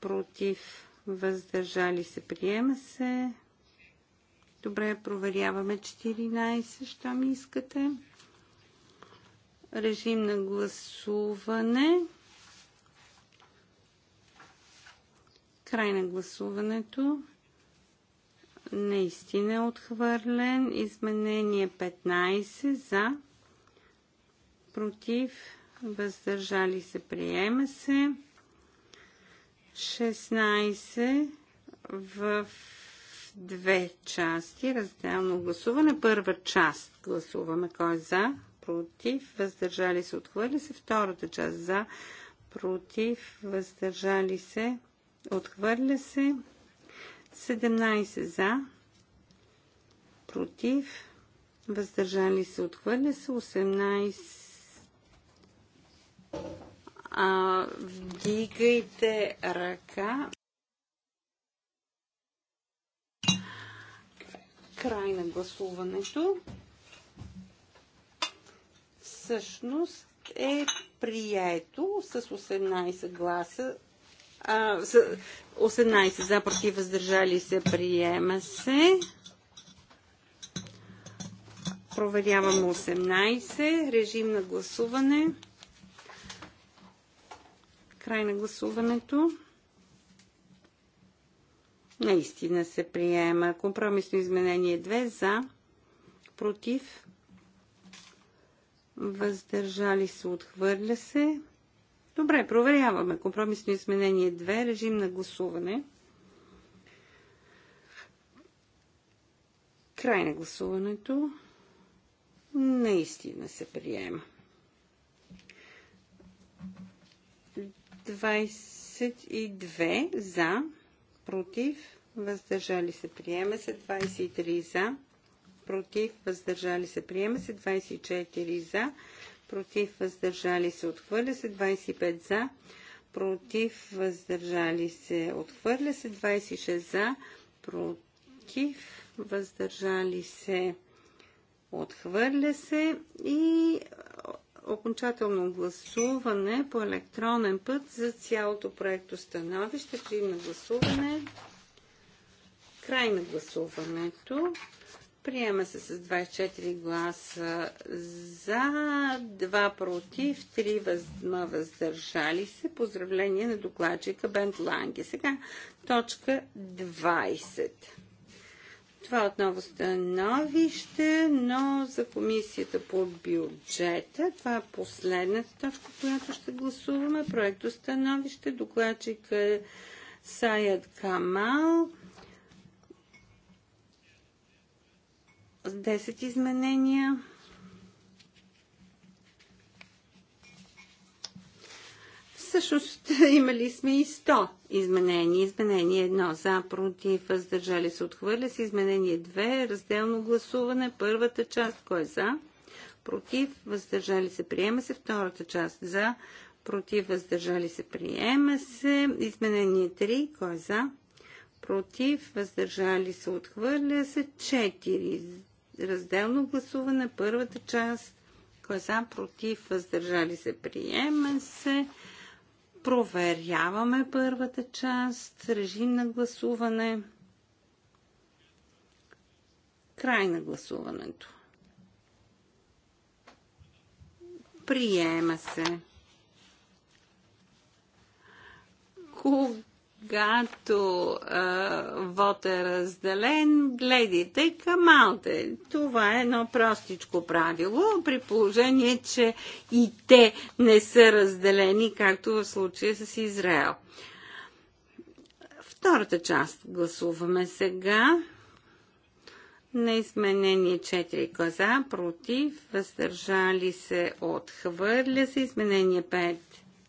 против, въздържали се, приема се, Добре, проверяваме 14, що ми искате. Режим на гласуване. Край на гласуването. Наистина е отхвърлен. Изменение 15 за. Против. Въздържали се. Приема се. 16 в две части. Разделно гласуване. Първа част гласуваме. Кой е за? Против. Въздържали се. Отхвърли се. Втората част за. Против. Въздържали се. Отхвърля се. 17 за. Против. Въздържали се. Отхвърля се. 18 а, вдигайте ръка. Край на гласуването. Всъщност е прието с 18 гласа. А, 18 за против въздържали се приема се. Проверявам 18. Режим на гласуване. Край на гласуването. Наистина се приема. Компромисно изменение 2 за, против, въздържали се, отхвърля се. Добре, проверяваме. Компромисно изменение 2, режим на гласуване. Край на гласуването. Наистина се приема. 22 за, против, въздържали се, приема се 23 за, против, въздържали се, приема се 24 за, против, въздържали се, отхвърля се 25 за, против, въздържали се, отхвърля се 26 за, против, въздържали се, отхвърля се и окончателно гласуване по електронен път за цялото проекто становище. Приема гласуване. Край на гласуването. Приема се с 24 гласа за, 2 против, 3 въз... въздържали се. Поздравление на докладчика Бент Ланге. Сега точка 20. Това отново становище, но за комисията по бюджета. Това е последната точка, която ще гласуваме. Проекто становище, докладчик е Саят Камал. 10 изменения. Всъщност имали сме и 100 изменения. Изменение 1 за, против, въздържали се, отхвърля се. Изменение 2 разделно гласуване. Първата част, кой е за? Против, въздържали се, приема се. Втората част за, против, въздържали се, приема се. Изменение 3, кой е за? Против, въздържали се, отхвърля се. 4 разделно гласуване. Първата част, кой е за? Против, въздържали се, приема се. Проверяваме първата част, режим на гласуване, край на гласуването. Приема се. Кога когато а, вод е разделен, гледайте към малте. Това е едно простичко правило, при положение, че и те не са разделени, както в случая с Израел. Втората част гласуваме сега на изменение 4 коза, против, въздържали се, отхвърля се, изменение 5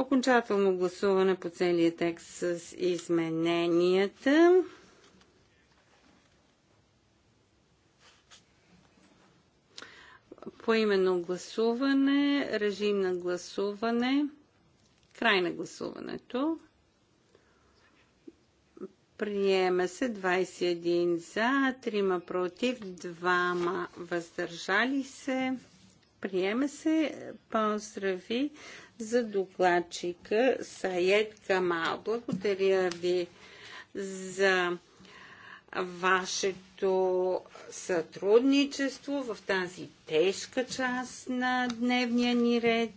Окончателно гласуване по целия текст с измененията. Поименно гласуване, режим на гласуване, край на гласуването. Приема се 21 за, 3 против, 2 въздържали се. Приема се. Поздрави за докладчика Саед Камал. Благодаря ви за вашето сътрудничество в тази тежка част на дневния ни ред.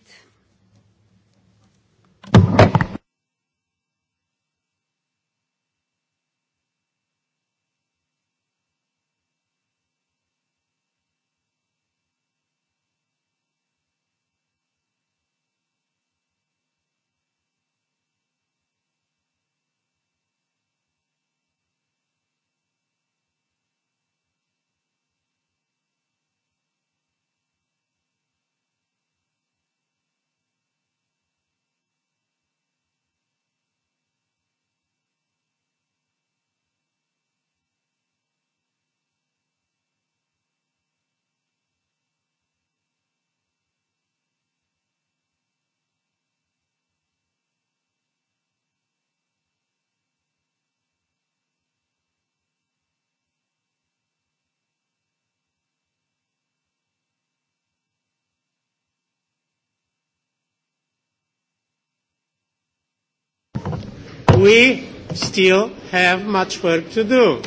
we still have much work to do.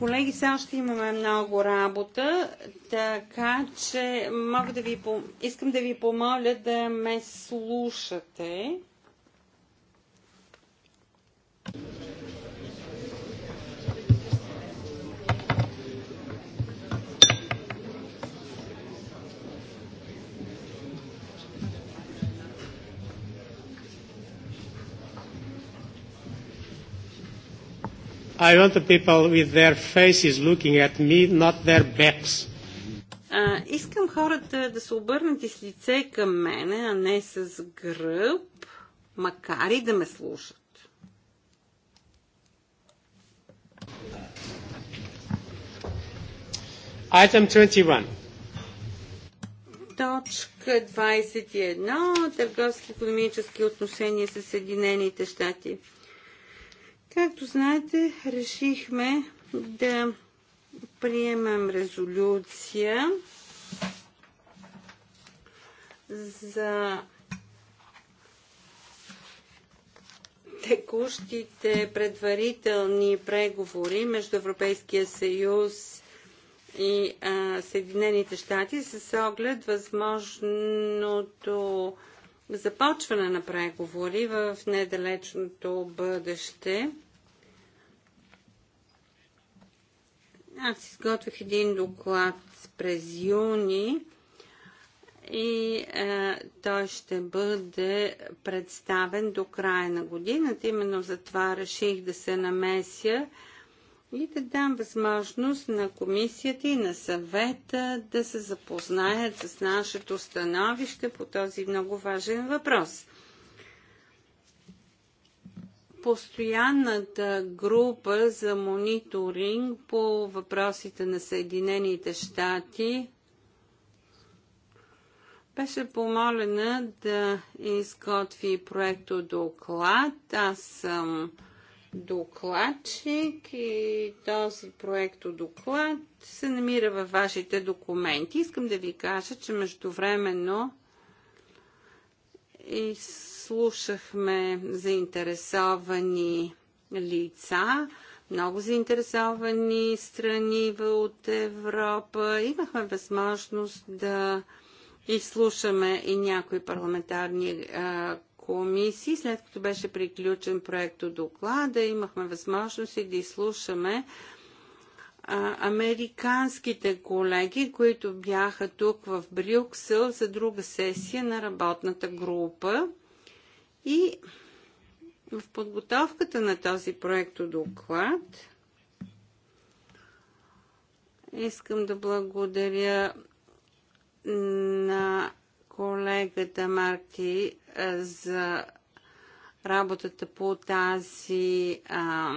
Колеги, сега ще имаме много работа, така че мога да ви, искам да ви помоля да ме слушате. I want the people with their faces looking at me, not their backs. А, искам хората да се обърнат с лице към мене, а не с гръб, макар и да ме слушат. Item 21. Точка 21. Търговски економически отношения с Съединените щати. Както знаете, решихме да приемем резолюция за текущите предварителни преговори между Европейския съюз и а, Съединените щати с оглед възможното започване на преговори в недалечното бъдеще. Аз изготвих един доклад през юни и е, той ще бъде представен до края на годината. Именно за това реших да се намеся и да дам възможност на комисията и на съвета да се запознаят с нашето становище по този много важен въпрос. Постоянната група за мониторинг по въпросите на Съединените щати беше помолена да изготви проекто доклад. Аз съм докладчик и този от доклад се намира във вашите документи. Искам да ви кажа, че междувременно изслушахме заинтересовани лица, много заинтересовани страни от Европа. Имахме възможност да изслушаме и някои парламентарни а, комисии, след като беше приключен проекто доклада, имахме възможност и да изслушаме американските колеги, които бяха тук в Брюксел за друга сесия на работната група. И в подготовката на този проекто доклад искам да благодаря на колегата Марти за работата по тази а,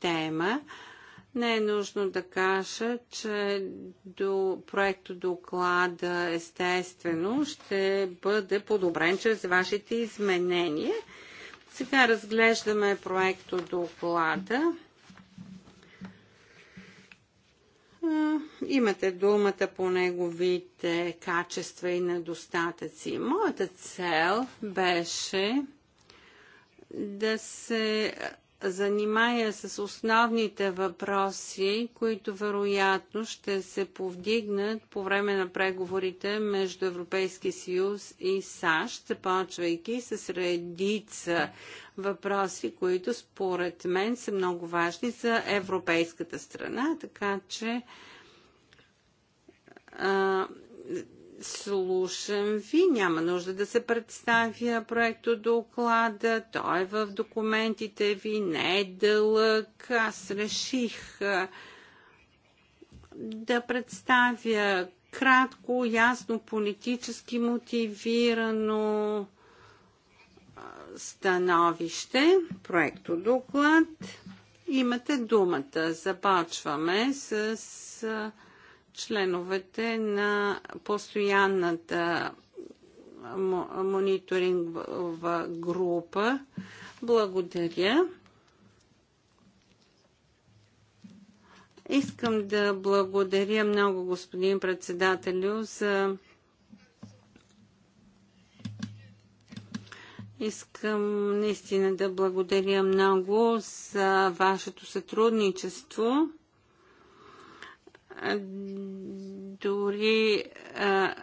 тема. Не е нужно да кажа, че до проекто доклада естествено ще бъде подобрен чрез вашите изменения. Сега разглеждаме проекто доклада. Имате думата по неговите качества и недостатъци. Моята цел беше да се занимая с основните въпроси, които вероятно ще се повдигнат по време на преговорите между Европейския съюз и САЩ, започвайки с редица въпроси, които според мен са много важни за европейската страна, така че а, Слушам ви, няма нужда да се представя проекто доклада, той е в документите ви, не е дълъг. Аз реших да представя кратко, ясно, политически мотивирано становище, проекто доклад. Имате думата. Започваме с членовете на постоянната мониторингова група. Благодаря. Искам да благодаря много господин председателю за Искам наистина да благодаря много за вашето сътрудничество дори а,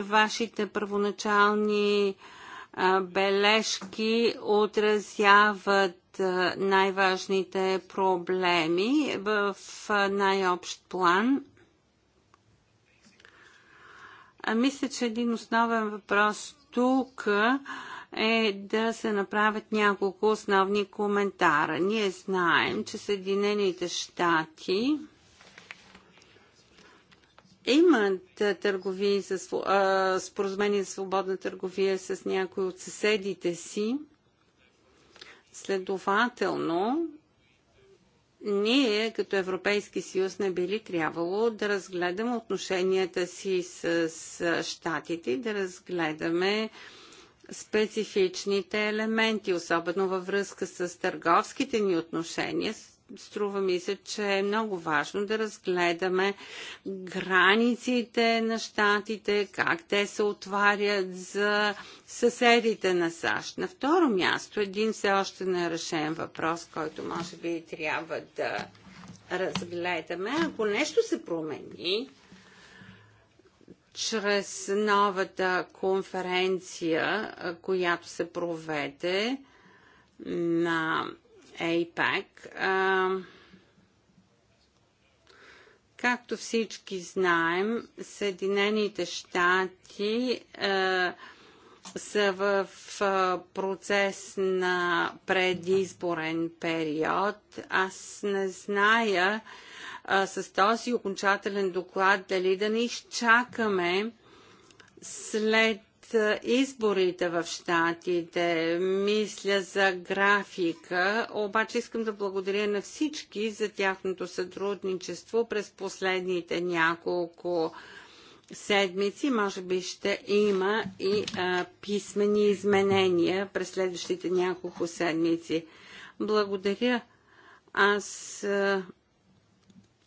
вашите първоначални а, бележки отразяват най-важните проблеми в най-общ план. А мисля, че един основен въпрос тук е да се направят няколко основни коментара. Ние знаем, че Съединените щати имат търговии за, споразумение за свободна търговия с някои от съседите си. Следователно, ние като Европейски съюз не били трябвало да разгледаме отношенията си с, щатите да разгледаме специфичните елементи, особено във връзка с търговските ни отношения, струва ми се, че е много важно да разгледаме границите на щатите, как те се отварят за съседите на САЩ. На второ място, един все още нерешен въпрос, който може би трябва да разгледаме. Ако нещо се промени, чрез новата конференция, която се проведе на APAC. както всички знаем, Съединените щати са в процес на предизборен период. Аз не зная а, с този окончателен доклад дали да не изчакаме след изборите в Штатите, мисля за графика, обаче искам да благодаря на всички за тяхното сътрудничество през последните няколко седмици. Може би ще има и а, писмени изменения през следващите няколко седмици. Благодаря. Аз а,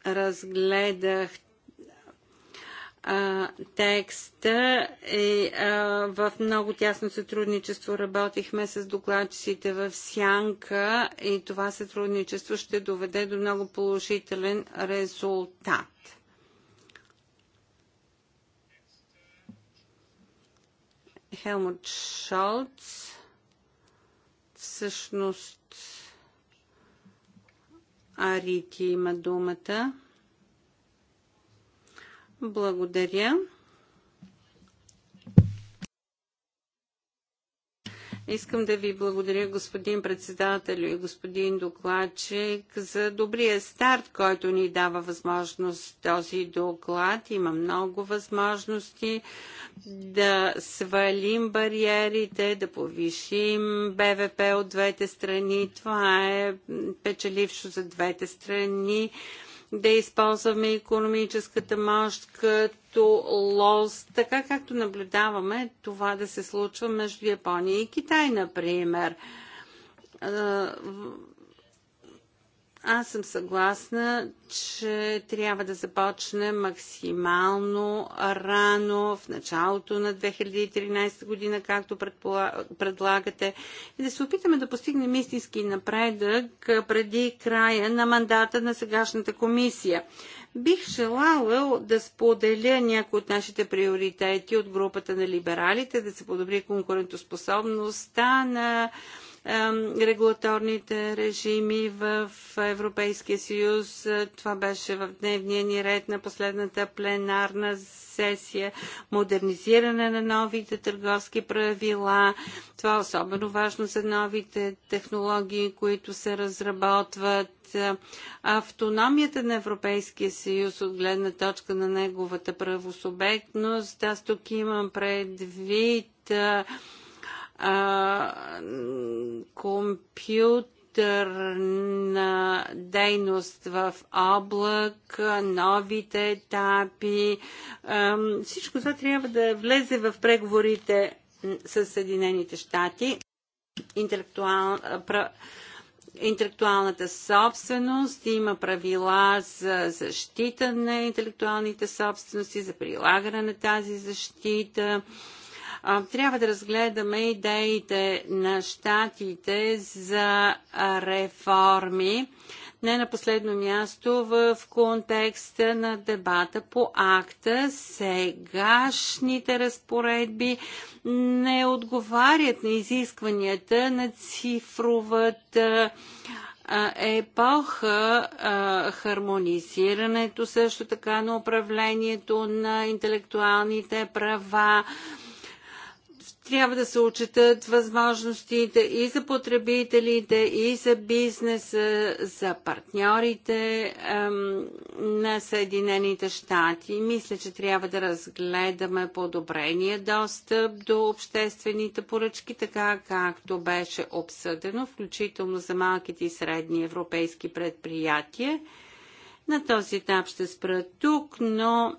разгледах а, текста и е, в много тясно сътрудничество работихме с докладчиците в Сянка и това сътрудничество ще доведе до много положителен резултат. Хелмут Шолц всъщност Арити има думата. Благодаря. Искам да ви благодаря, господин председател и господин докладчик, за добрия старт, който ни дава възможност този доклад. Има много възможности да свалим бариерите, да повишим БВП от двете страни. Това е печелившо за двете страни да използваме економическата мощ като лоз, така както наблюдаваме това да се случва между Япония и Китай, например аз съм съгласна, че трябва да започне максимално рано, в началото на 2013 година, както предлагате, и да се опитаме да постигнем истински напредък преди края на мандата на сегашната комисия. Бих желала да споделя някои от нашите приоритети от групата на либералите, да се подобри конкурентоспособността на регулаторните режими в Европейския съюз. Това беше в дневния ни ред на последната пленарна сесия. Модернизиране на новите търговски правила. Това е особено важно за новите технологии, които се разработват автономията на Европейския съюз от гледна точка на неговата правосубектност. Аз тук имам предвид компютърна дейност в облак, новите етапи. Всичко това трябва да влезе в преговорите с Съединените щати. Интелектуал, интелектуалната собственост, има правила за защита на интелектуалните собствености, за прилагане на тази защита. Трябва да разгледаме идеите на щатите за реформи, не на последно място в контекста на дебата по акта. Сегашните разпоредби не отговарят на изискванията на цифровата епоха хармонизирането също така на управлението на интелектуалните права трябва да се отчитат възможностите и за потребителите, и за бизнеса, за партньорите ем, на Съединените щати. Мисля, че трябва да разгледаме подобрения достъп до обществените поръчки, така както беше обсъдено, включително за малките и средни европейски предприятия. На този етап ще спра тук, но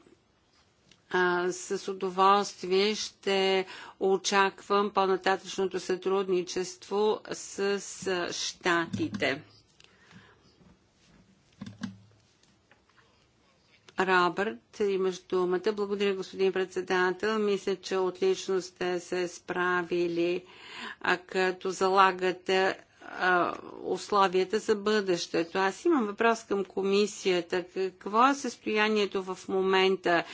с удоволствие ще очаквам по-нататъчното сътрудничество с щатите. Робърт, имаш думата. Благодаря, господин председател. Мисля, че отлично сте се справили, а като залагате а, условията за бъдещето. Аз имам въпрос към комисията. Какво е състоянието в момента?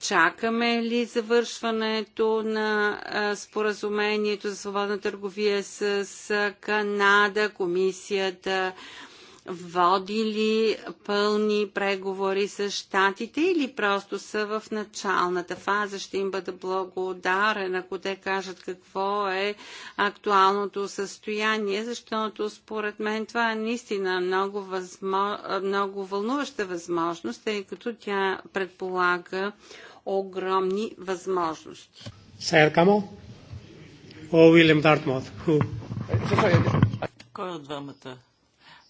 Чакаме ли завършването на споразумението за свободна търговия с Канада? Комисията водили пълни преговори с щатите или просто са в началната фаза. Ще им бъда благодарен, ако те кажат какво е актуалното състояние, защото според мен това е наистина много, възмо... много вълнуваща възможност, тъй като тя предполага огромни възможности. Сер Камо? О, Уилям Дартмот. Кой от двамата?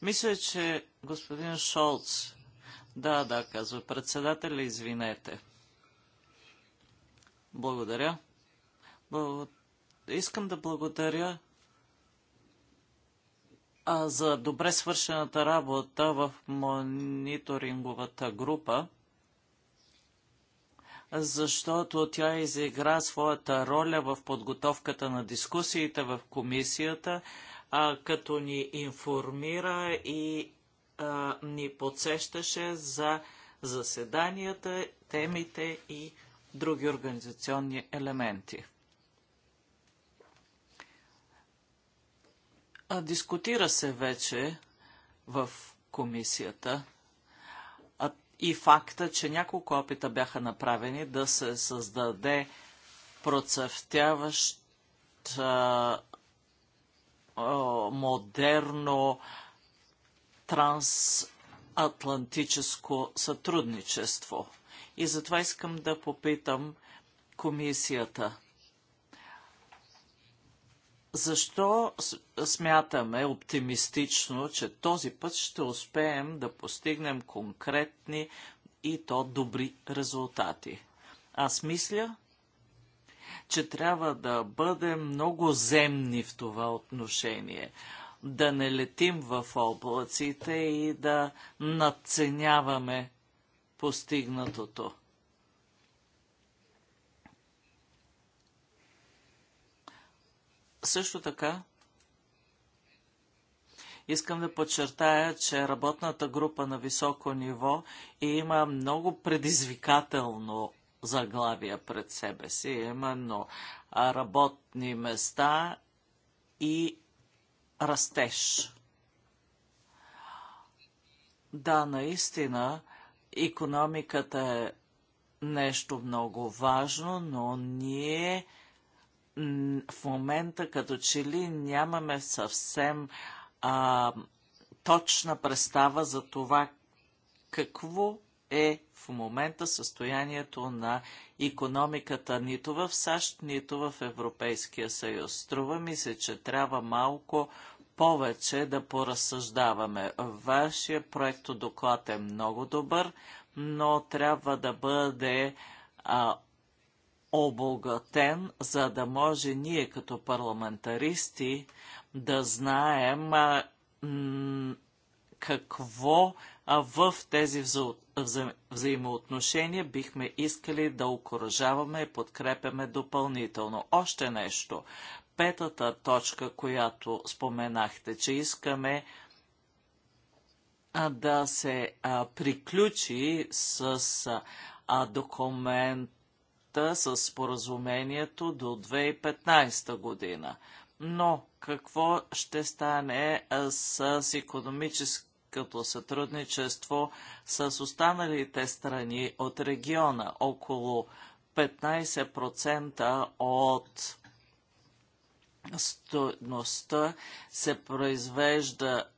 Мисля, че господин Шолц, да, да, казва председателя, извинете. Благодаря. Благ... Искам да благодаря а, за добре свършената работа в мониторинговата група, защото тя изигра своята роля в подготовката на дискусиите в комисията – а, като ни информира и а, ни подсещаше за заседанията, темите и други организационни елементи. А, дискутира се вече в комисията а, и факта, че няколко опита бяха направени да се създаде процъфтяващ е, модерно трансатлантическо сътрудничество. И затова искам да попитам комисията. Защо смятаме оптимистично, че този път ще успеем да постигнем конкретни и то добри резултати? Аз мисля, че трябва да бъдем много земни в това отношение. Да не летим в облаците и да надценяваме постигнатото. Също така, Искам да подчертая, че работната група на високо ниво има много предизвикателно заглавия пред себе си, именно работни места и растеж. Да, наистина, економиката е нещо много важно, но ние в момента като че ли нямаме съвсем а, точна представа за това какво е в момента състоянието на економиката нито в САЩ, нито в Европейския съюз. Струва ми се, че трябва малко повече да поразсъждаваме. Вашия доклад е много добър, но трябва да бъде а, обогатен, за да може ние като парламентаристи да знаем а, какво а в тези вза... взаимоотношения бихме искали да окоръжаваме и подкрепяме допълнително. Още нещо. Петата точка, която споменахте, че искаме да се а, приключи с а, документа, с споразумението до 2015 година. Но какво ще стане а, с економически като сътрудничество с останалите страни от региона. Около 15% от стойността се произвежда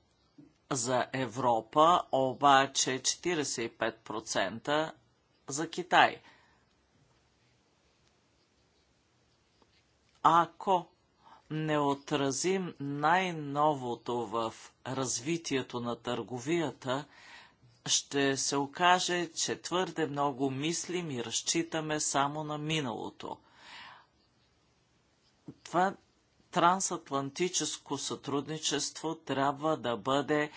за Европа, обаче 45% за Китай. Ако не отразим най-новото в развитието на търговията, ще се окаже, че твърде много мислим и разчитаме само на миналото. Това трансатлантическо сътрудничество трябва да бъде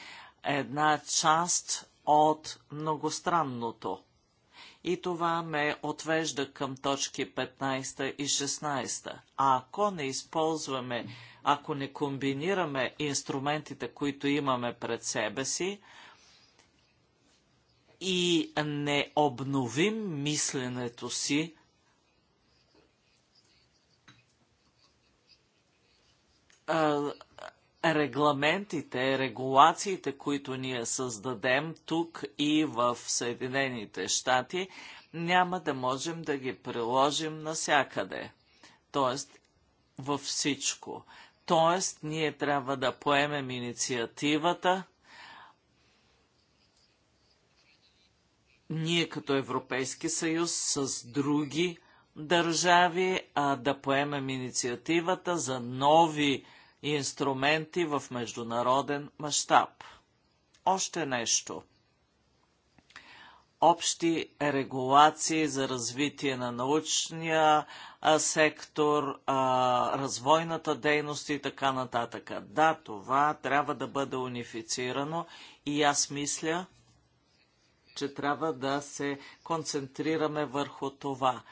една част от многостранното. И това ме отвежда към точки 15 и 16. А ако не използваме, ако не комбинираме инструментите, които имаме пред себе си, и не обновим мисленето си, регламентите, регулациите, които ние създадем тук и в Съединените щати, няма да можем да ги приложим навсякъде. Тоест, във всичко. Тоест, ние трябва да поемем инициативата, ние като Европейски съюз с други държави а, да поемем инициативата за нови и инструменти в международен мащаб. Още нещо. Общи регулации за развитие на научния сектор, развойната дейност и така нататък. Да, това трябва да бъде унифицирано и аз мисля, че трябва да се концентрираме върху това –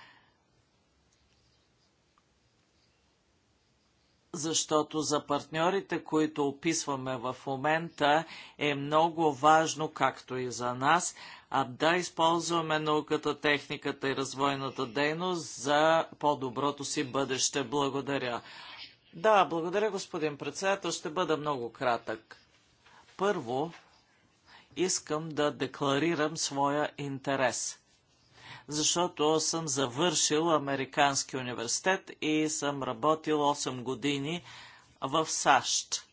защото за партньорите, които описваме в момента, е много важно, както и за нас, а да използваме науката, техниката и развойната дейност за по-доброто си бъдеще. Благодаря. Да, благодаря, господин председател. Ще бъда много кратък. Първо, искам да декларирам своя интерес – защото съм завършил Американски университет и съм работил 8 години в САЩ.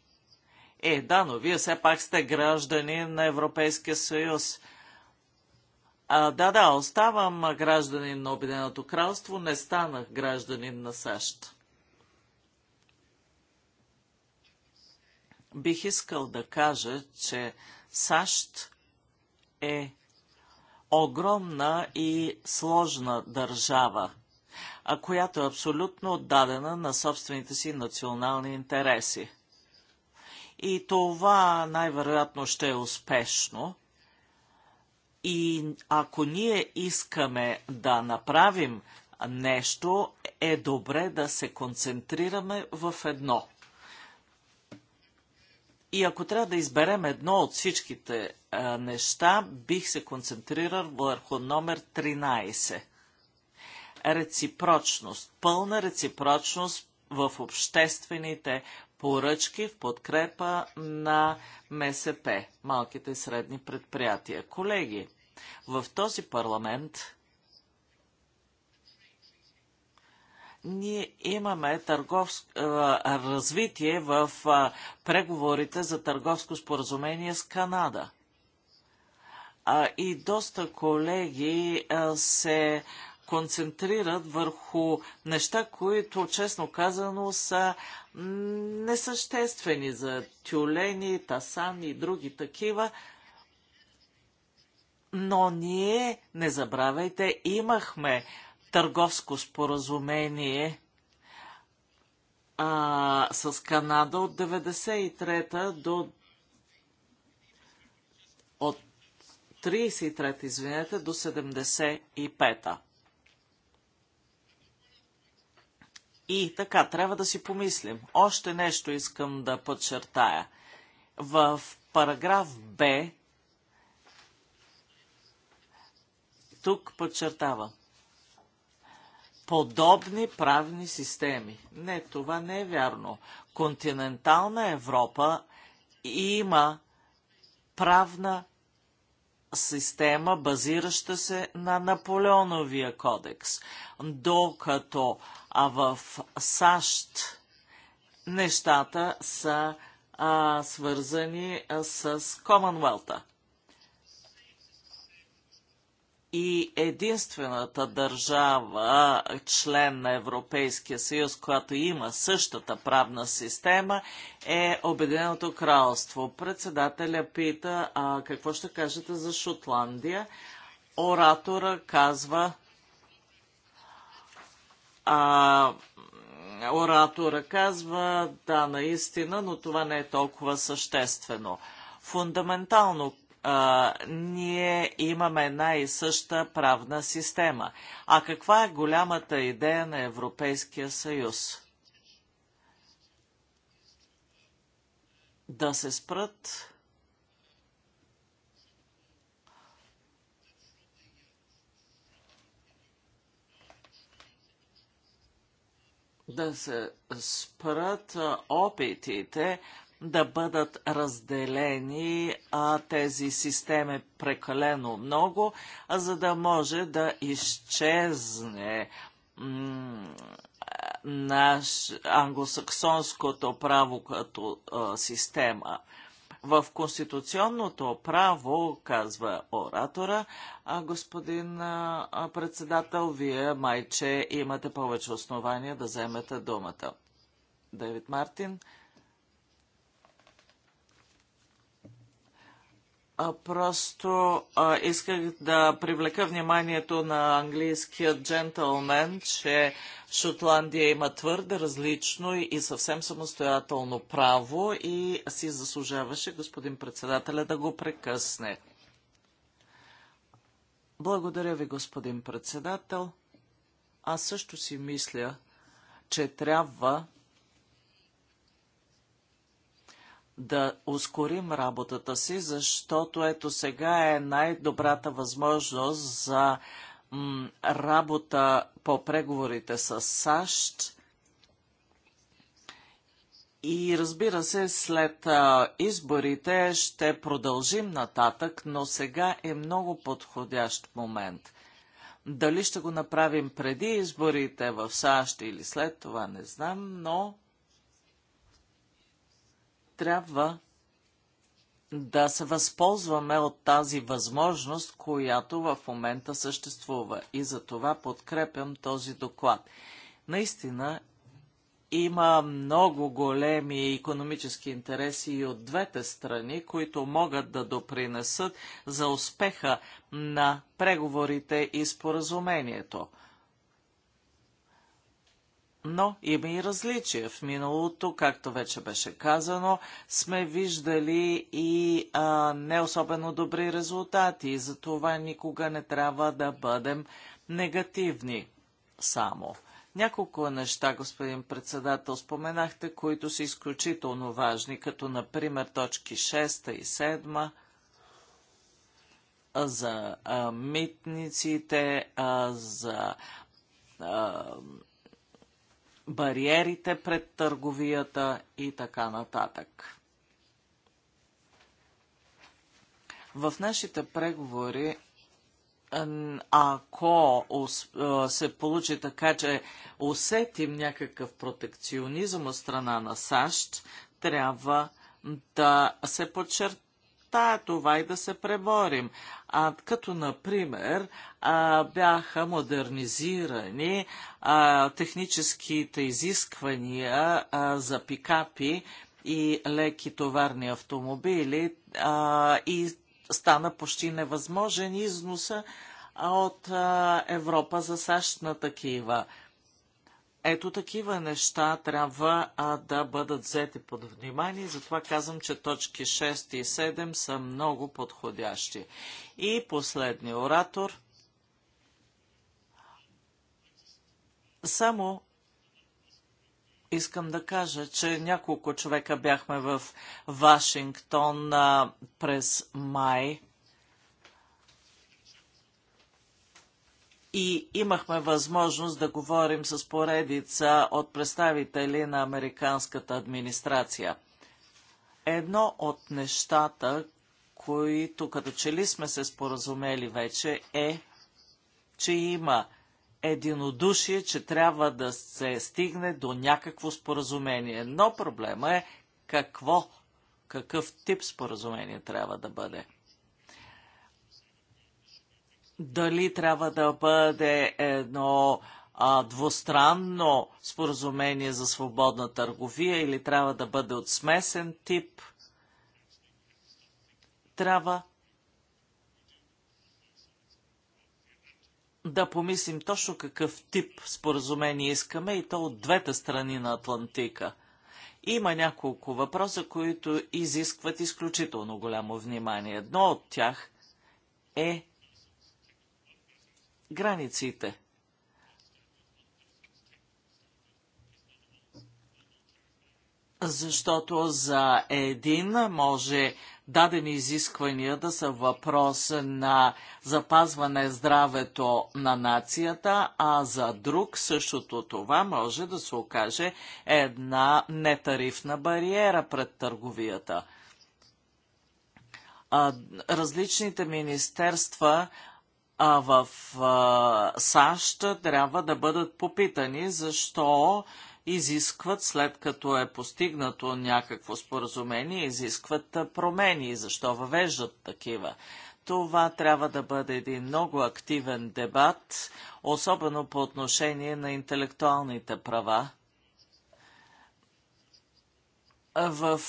Е, да, но вие все пак сте граждани на Европейския съюз. А, да, да, оставам гражданин на Обединеното кралство, не станах гражданин на САЩ. Бих искал да кажа, че САЩ е огромна и сложна държава, която е абсолютно отдадена на собствените си национални интереси. И това най-вероятно ще е успешно. И ако ние искаме да направим нещо, е добре да се концентрираме в едно. И ако трябва да изберем едно от всичките а, неща, бих се концентрирал върху номер 13. Реципрочност. Пълна реципрочност в обществените поръчки в подкрепа на МСП, малките и средни предприятия. Колеги, в този парламент ние имаме търговско развитие в преговорите за търговско споразумение с Канада. И доста колеги се концентрират върху неща, които, честно казано, са несъществени за тюлени, тасани и други такива. Но ние, не забравяйте, имахме търговско споразумение а, с Канада от 93-та до от 33-та, извинете, до 75-та. И така, трябва да си помислим. Още нещо искам да подчертая. В параграф Б тук подчертавам подобни правни системи. Не, това не е вярно. Континентална Европа има правна система, базираща се на Наполеоновия кодекс, докато а в САЩ нещата са а, свързани с Команвелта и единствената държава, член на Европейския съюз, която има същата правна система, е Обединеното кралство. Председателя пита а, какво ще кажете за Шотландия. Оратора казва. А, оратора казва, да, наистина, но това не е толкова съществено. Фундаментално а, ние имаме една и съща правна система. А каква е голямата идея на Европейския съюз? Да се спрат да се спрат опитите да бъдат разделени а, тези системи прекалено много, а за да може да изчезне наш англосаксонското право като а, система. В конституционното право, казва оратора, а господин а, председател, вие, майче, имате повече основания да вземете думата. Дейвид Мартин. просто а, исках да привлека вниманието на английския джентълмен, че Шотландия има твърде различно и съвсем самостоятелно право и си заслужаваше господин председателя да го прекъсне. Благодаря ви, господин председател. Аз също си мисля, че трябва да ускорим работата си, защото ето сега е най-добрата възможност за работа по преговорите с САЩ. И разбира се, след а, изборите ще продължим нататък, но сега е много подходящ момент. Дали ще го направим преди изборите в САЩ или след това, не знам, но трябва да се възползваме от тази възможност, която в момента съществува. И за това подкрепям този доклад. Наистина има много големи економически интереси и от двете страни, които могат да допринесат за успеха на преговорите и споразумението. Но има и различия. В миналото, както вече беше казано, сме виждали и а, не особено добри резултати. И затова никога не трябва да бъдем негативни само. Няколко неща, господин председател, споменахте, които са изключително важни, като например точки 6 и 7 за а, митниците, а, за а, бариерите пред търговията и така нататък. В нашите преговори, ако се получи така, че усетим някакъв протекционизъм от страна на САЩ, трябва да се подчерта мечтая това и да се преборим. А, като, например, а, бяха модернизирани а, техническите изисквания а, за пикапи и леки товарни автомобили а, и стана почти невъзможен износа от а, Европа за САЩ на такива. Ето такива неща трябва а, да бъдат взети под внимание, затова казвам, че точки 6 и 7 са много подходящи. И последния оратор. Само искам да кажа, че няколко човека бяхме в Вашингтон а, през май и имахме възможност да говорим с поредица от представители на американската администрация. Едно от нещата, които като че ли сме се споразумели вече е, че има единодушие, че трябва да се стигне до някакво споразумение. Но проблема е какво, какъв тип споразумение трябва да бъде дали трябва да бъде едно а, двустранно споразумение за свободна търговия или трябва да бъде от смесен тип, трябва да помислим точно какъв тип споразумение искаме и то от двете страни на Атлантика. Има няколко въпроса, които изискват изключително голямо внимание. Едно от тях е границите. Защото за един може дадени изисквания да са въпрос на запазване здравето на нацията, а за друг същото това може да се окаже една нетарифна бариера пред търговията. Различните министерства а, в а, САЩ трябва да бъдат попитани защо изискват, след като е постигнато някакво споразумение, изискват промени и защо въвеждат такива. Това трябва да бъде един много активен дебат, особено по отношение на интелектуалните права в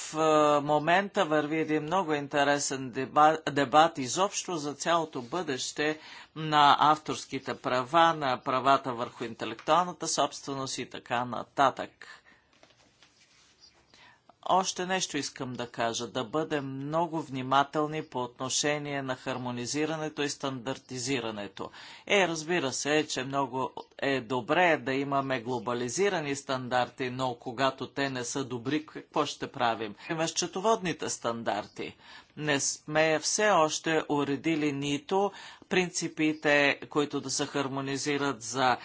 момента върви един много интересен дебат, дебат изобщо за цялото бъдеще на авторските права, на правата върху интелектуалната собственост и така нататък. Още нещо искам да кажа. Да бъдем много внимателни по отношение на хармонизирането и стандартизирането. Е, разбира се, че много е добре да имаме глобализирани стандарти, но когато те не са добри, какво ще правим? Има счетоводните стандарти. Не сме все още уредили нито принципите, които да се хармонизират за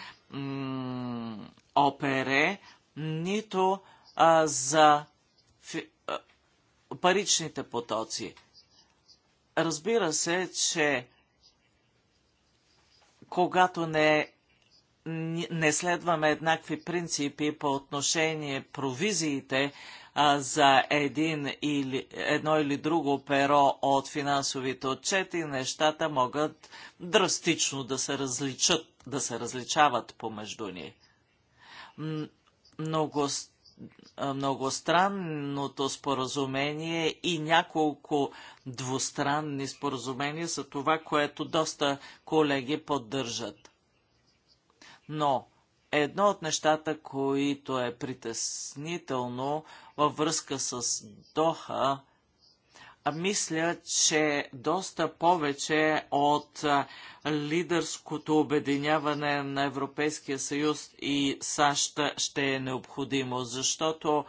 ОПР, нито а, за паричните потоци. Разбира се, че когато не, не следваме еднакви принципи по отношение провизиите а, за един или, едно или друго перо от финансовите отчети, нещата могат драстично да се различат, да се различават помежду ни. Много многостранното споразумение и няколко двустранни споразумения са това, което доста колеги поддържат. Но едно от нещата, които е притеснително във връзка с Доха, мисля, че доста повече от лидерското обединяване на Европейския съюз и САЩ ще е необходимо, защото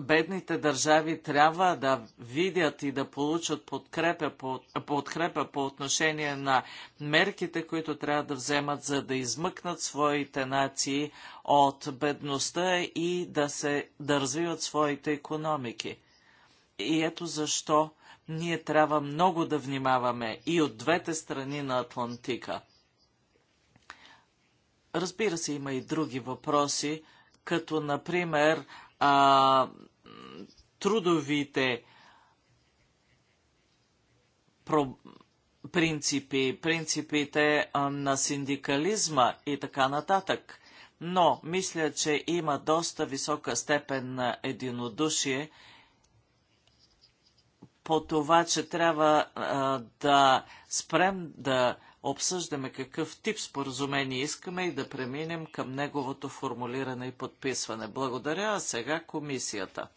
бедните държави трябва да видят и да получат подкрепа по, подкрепа по отношение на мерките, които трябва да вземат, за да измъкнат своите нации от бедността и да, се, да развиват своите економики. И ето защо ние трябва много да внимаваме и от двете страни на Атлантика. Разбира се, има и други въпроси, като например а, трудовите про... принципи, принципите а, на синдикализма и така нататък. Но мисля, че има доста висока степен на единодушие – по това, че трябва а, да спрем да обсъждаме какъв тип споразумение искаме и да преминем към неговото формулиране и подписване. Благодаря, а сега комисията.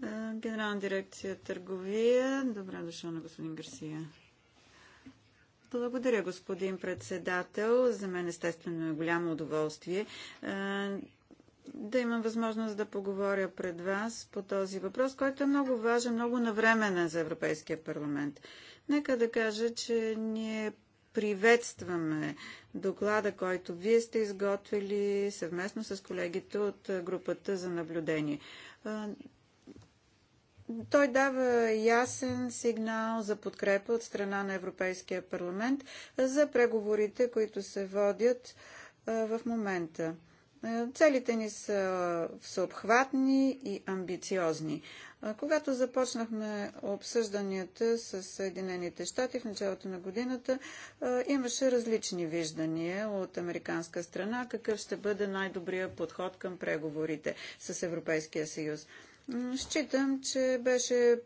Uh, Генерална дирекция търговия. Добре дошла на господин Гарсия. Благодаря, господин председател. За мен естествено е голямо удоволствие да имам възможност да поговоря пред вас по този въпрос, който е много важен, много навременен за Европейския парламент. Нека да кажа, че ние приветстваме доклада, който вие сте изготвили съвместно с колегите от групата за наблюдение. Той дава ясен сигнал за подкрепа от страна на Европейския парламент за преговорите, които се водят в момента. Е, целите ни са всеобхватни и амбициозни. Е, когато започнахме обсъжданията с Съединените щати в началото на годината, е, имаше различни виждания от американска страна какъв ще бъде най-добрият подход към преговорите с Европейския съюз. Считам, че беше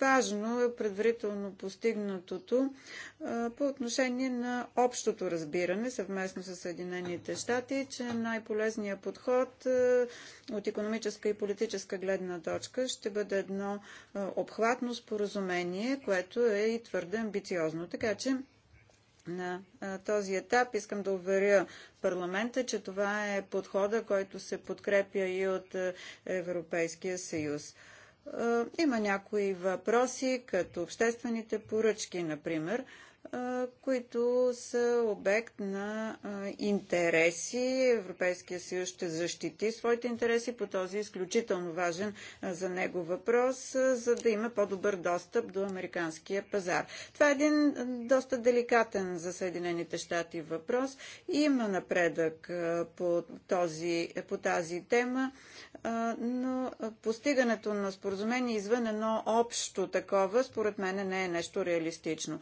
Важно е предварително постигнатото по отношение на общото разбиране съвместно с Съединените щати, че най-полезният подход от економическа и политическа гледна точка ще бъде едно обхватно споразумение, което е и твърде амбициозно. Така че на този етап искам да уверя парламента, че това е подхода, който се подкрепя и от Европейския съюз. Е, има някои въпроси, като обществените поръчки, например, които са обект на интереси. Европейския съюз ще защити своите интереси по този изключително важен за него въпрос, за да има по-добър достъп до американския пазар. Това е един доста деликатен за Съединените щати въпрос. Има напредък по, този, по тази тема, но постигането на споразумение извън едно общо такова, според мен, не е нещо реалистично.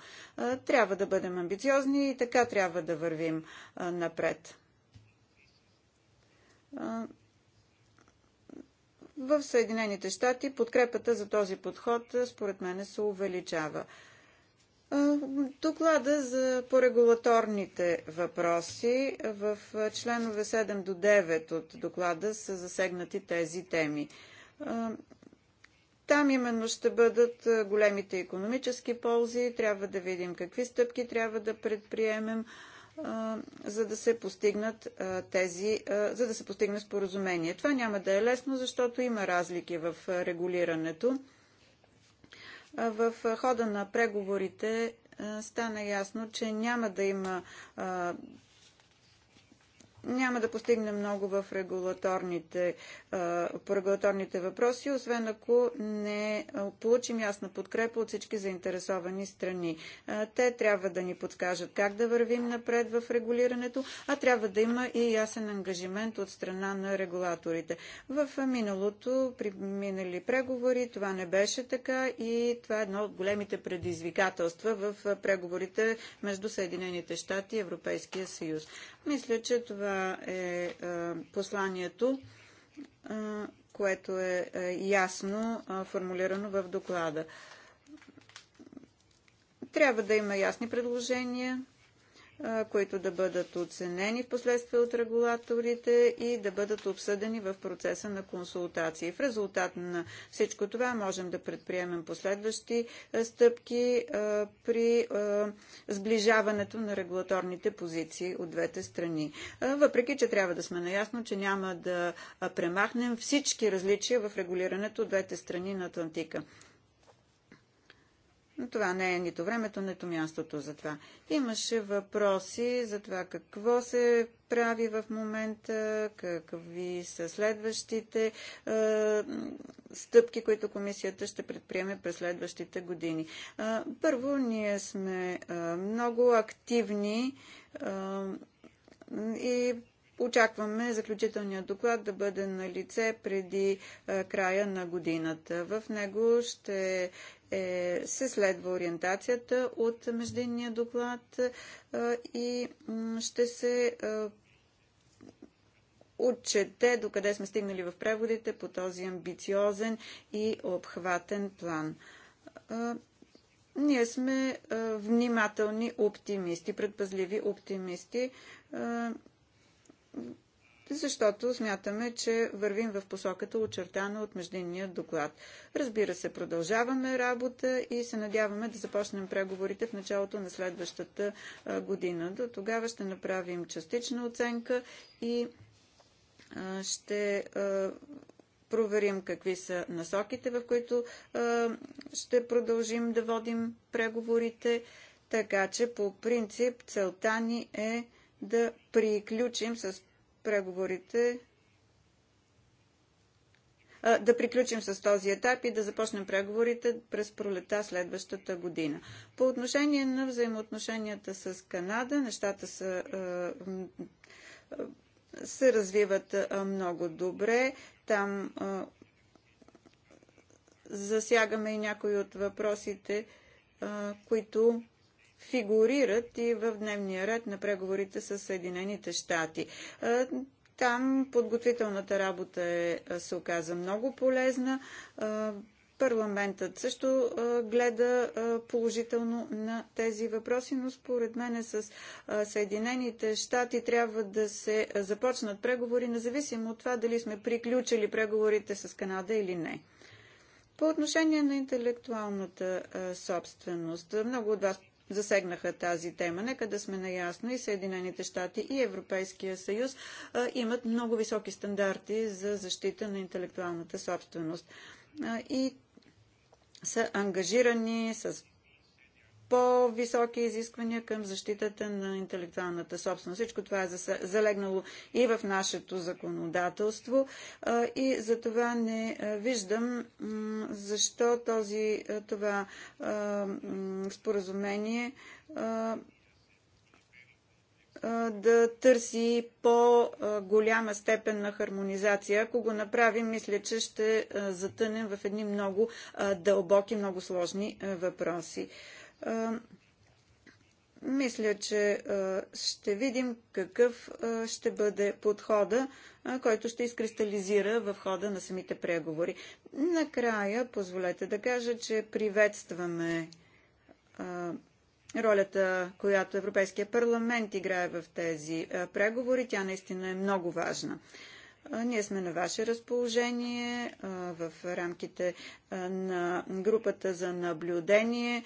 Трябва да бъдем амбициозни и така трябва да вървим напред. В Съединените щати подкрепата за този подход според мен се увеличава. Доклада за, порегулаторните въпроси в членове 7 до 9 от доклада са засегнати тези теми. Там именно ще бъдат големите економически ползи. Трябва да видим какви стъпки трябва да предприемем, за да се постигнат тези, за да се постигне споразумение. Това няма да е лесно, защото има разлики в регулирането. В хода на преговорите стана ясно, че няма да има няма да постигне много в регулаторните, по регулаторните въпроси, освен ако не получим ясна подкрепа от всички заинтересовани страни. Те трябва да ни подскажат как да вървим напред в регулирането, а трябва да има и ясен ангажимент от страна на регулаторите. В миналото, при минали преговори, това не беше така и това е едно от големите предизвикателства в преговорите между Съединените щати и Европейския съюз. Мисля, че това е посланието, което е, е ясно формулирано в доклада. Трябва да има ясни предложения които да бъдат оценени в последствие от регулаторите и да бъдат обсъдени в процеса на консултации. В резултат на всичко това можем да предприемем последващи стъпки при сближаването на регулаторните позиции от двете страни. Въпреки, че трябва да сме наясно, че няма да премахнем всички различия в регулирането от двете страни на Атлантика. Но това не е нито времето, нито мястото за това. Имаше въпроси за това какво се прави в момента, какви са следващите е, стъпки, които комисията ще предприеме през следващите години. Е, първо, ние сме е, много активни е, и Очакваме заключителният доклад да бъде на лице преди е, края на годината. В него ще е, се следва ориентацията от междинния доклад е, и ще се е, отчете докъде сме стигнали в преводите по този амбициозен и обхватен план. Ние сме внимателни оптимисти, предпазливи оптимисти защото смятаме, че вървим в посоката очертана от междинния доклад. Разбира се, продължаваме работа и се надяваме да започнем преговорите в началото на следващата година. До тогава ще направим частична оценка и ще проверим какви са насоките, в които ще продължим да водим преговорите. Така че по принцип целта ни е да приключим с преговорите да приключим с този етап и да започнем преговорите през пролета следващата година. По отношение на взаимоотношенията с Канада, нещата са, се развиват много добре. Там засягаме и някои от въпросите, които фигурират и в дневния ред на преговорите с Съединените щати. Там подготвителната работа е, се оказа много полезна. Парламентът също гледа положително на тези въпроси, но според мен е с Съединените щати трябва да се започнат преговори, независимо от това дали сме приключили преговорите с Канада или не. По отношение на интелектуалната собственост, много от вас засегнаха тази тема. Нека да сме наясно и Съединените щати и Европейския съюз имат много високи стандарти за защита на интелектуалната собственост. и са ангажирани с по-високи изисквания към защитата на интелектуалната собственост. Всичко това е залегнало и в нашето законодателство и за това не виждам защо този, това споразумение да търси по-голяма степен на хармонизация. Ако го направим, мисля, че ще затънем в едни много дълбоки, много сложни въпроси мисля, че ще видим какъв ще бъде подхода, който ще изкристализира в хода на самите преговори. Накрая, позволете да кажа, че приветстваме ролята, която Европейския парламент играе в тези преговори. Тя наистина е много важна. Ние сме на ваше разположение в рамките на групата за наблюдение.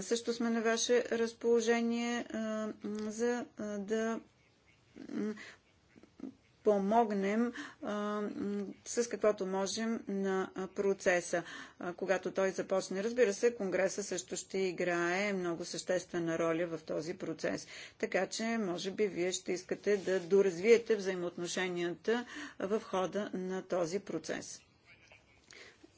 Също сме на ваше разположение за да помогнем а, с каквото можем на процеса, а, когато той започне. Разбира се, Конгреса също ще играе много съществена роля в този процес. Така че, може би, вие ще искате да доразвиете взаимоотношенията в хода на този процес.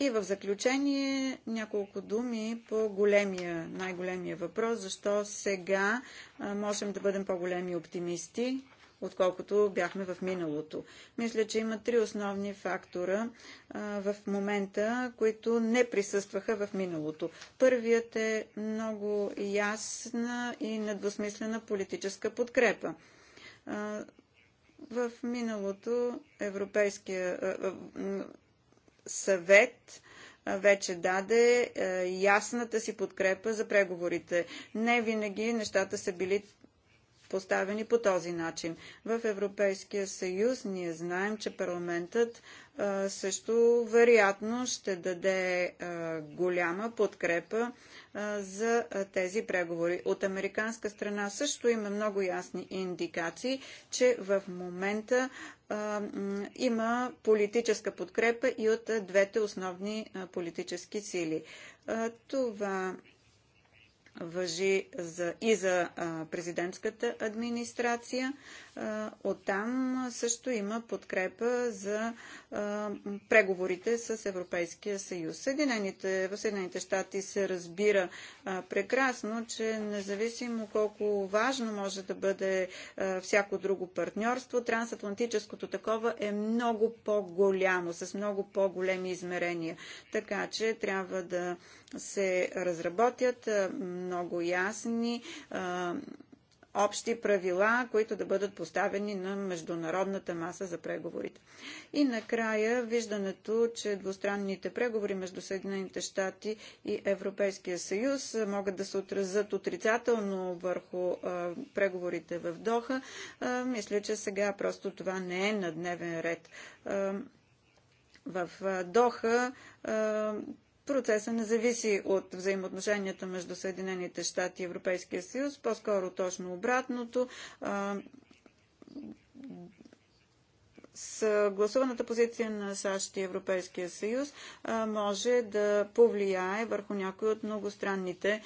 И в заключение няколко думи по големия, най-големия въпрос, защо сега можем да бъдем по-големи оптимисти отколкото бяхме в миналото. Мисля, че има три основни фактора а, в момента, които не присъстваха в миналото. Първият е много ясна и недвусмислена политическа подкрепа. А, в миналото Европейския а, съвет вече даде ясната си подкрепа за преговорите. Не винаги нещата са били поставени по този начин. В Европейския съюз ние знаем, че парламентът също вероятно ще даде голяма подкрепа за тези преговори. От американска страна също има много ясни индикации, че в момента има политическа подкрепа и от двете основни политически сили. Това въжи за, и за президентската администрация. оттам също има подкрепа за преговорите с Европейския съюз. Съединените, в Съединените щати се разбира прекрасно, че независимо колко важно може да бъде всяко друго партньорство, трансатлантическото такова е много по-голямо, с много по-големи измерения. Така че трябва да се разработят много ясни общи правила, които да бъдат поставени на международната маса за преговорите. И накрая виждането, че двустранните преговори между Съединените щати и Европейския съюз могат да се отразят отрицателно върху а, преговорите в Доха, а, мисля, че сега просто това не е на дневен ред. А, в Доха Процеса не зависи от взаимоотношенията между Съединените щати и Европейския съюз, по-скоро точно обратното. С гласуваната позиция на САЩ и Европейския съюз може да повлияе върху някои от многостранните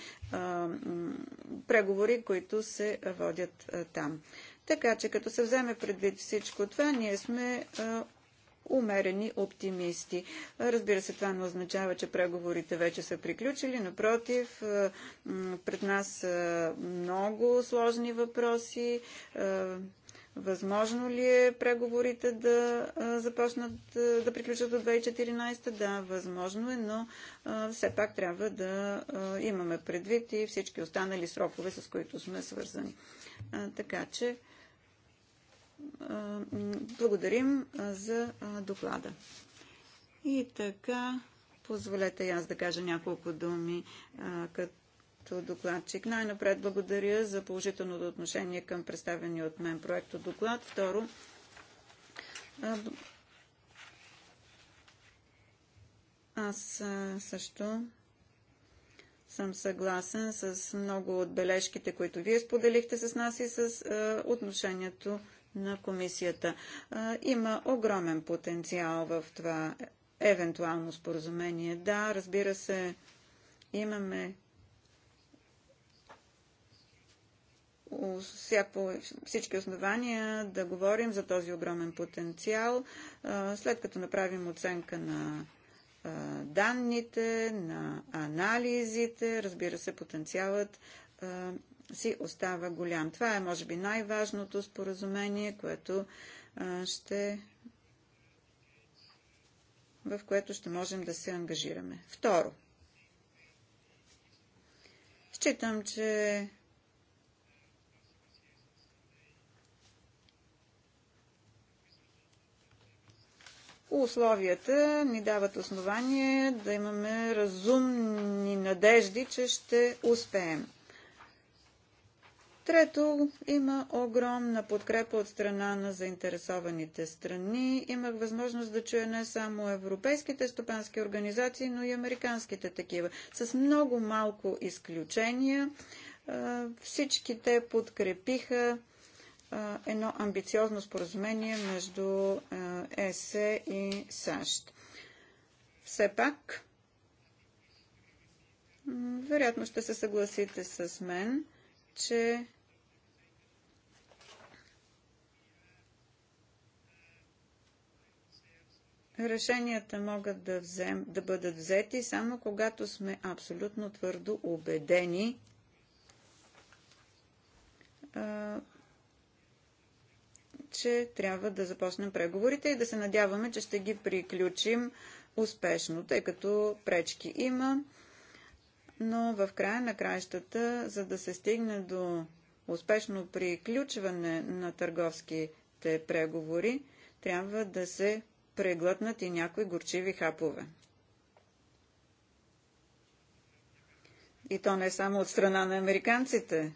преговори, които се водят там. Така че, като се вземе предвид всичко това, ние сме умерени оптимисти. Разбира се, това не означава, че преговорите вече са приключили. Напротив, е, пред нас са много сложни въпроси. Е, възможно ли е преговорите да е, започнат да приключат до 2014? Да, възможно е, но все пак трябва да имаме предвид и всички останали срокове, с които сме свързани. Така че благодарим за доклада. И така, позволете аз да кажа няколко думи като докладчик. Най-напред благодаря за положителното отношение към представения от мен проекто доклад. Второ, аз също съм съгласен с много от бележките, които вие споделихте с нас и с отношението на комисията. Има огромен потенциал в това евентуално споразумение. Да, разбира се, имаме всяко, всички основания да говорим за този огромен потенциал, след като направим оценка на данните, на анализите, разбира се, потенциалът си остава голям. Това е, може би, най-важното споразумение, което ще в което ще можем да се ангажираме. Второ. Считам, че условията ни дават основание да имаме разумни надежди, че ще успеем. Трето, има огромна подкрепа от страна на заинтересованите страни. Имах възможност да чуя не само европейските стопански организации, но и американските такива. С много малко изключения всички те подкрепиха едно амбициозно споразумение между ЕСЕ и САЩ. Все пак, вероятно ще се съгласите с мен, че Решенията могат да, взем, да бъдат взети само когато сме абсолютно твърдо убедени че трябва да започнем преговорите и да се надяваме, че ще ги приключим успешно, тъй като пречки има. Но в края на краищата, за да се стигне до успешно приключване на търговските преговори, трябва да се преглътнат и някои горчиви хапове. И то не само от страна на американците.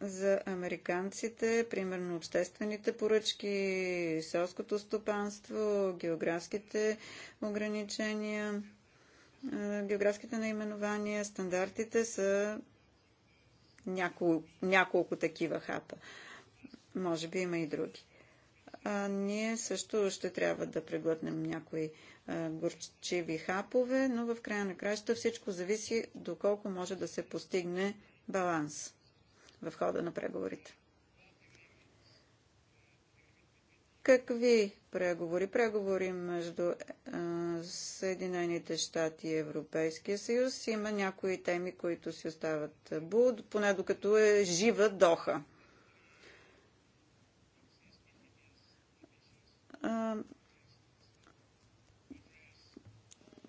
За американците, примерно обществените поръчки, селското стопанство, географските ограничения, географските наименования, стандартите са няколко, няколко такива хапа. Може би има и други а, ние също ще трябва да преглътнем някои а, горчиви хапове, но в края на краща всичко зависи доколко може да се постигне баланс в хода на преговорите. Какви преговори? Преговори между а, Съединените щати и Европейския съюз. Има някои теми, които си остават буд, поне докато е жива Доха.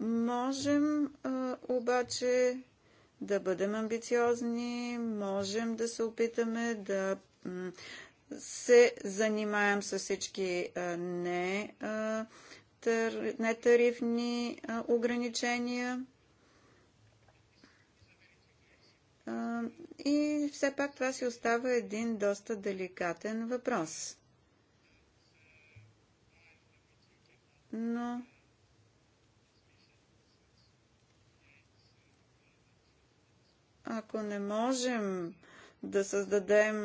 Можем а, обаче да бъдем амбициозни, можем да се опитаме да се занимаем с всички не, нетарифни ограничения. И все пак това си остава един доста деликатен въпрос. Но Ако не можем да създадем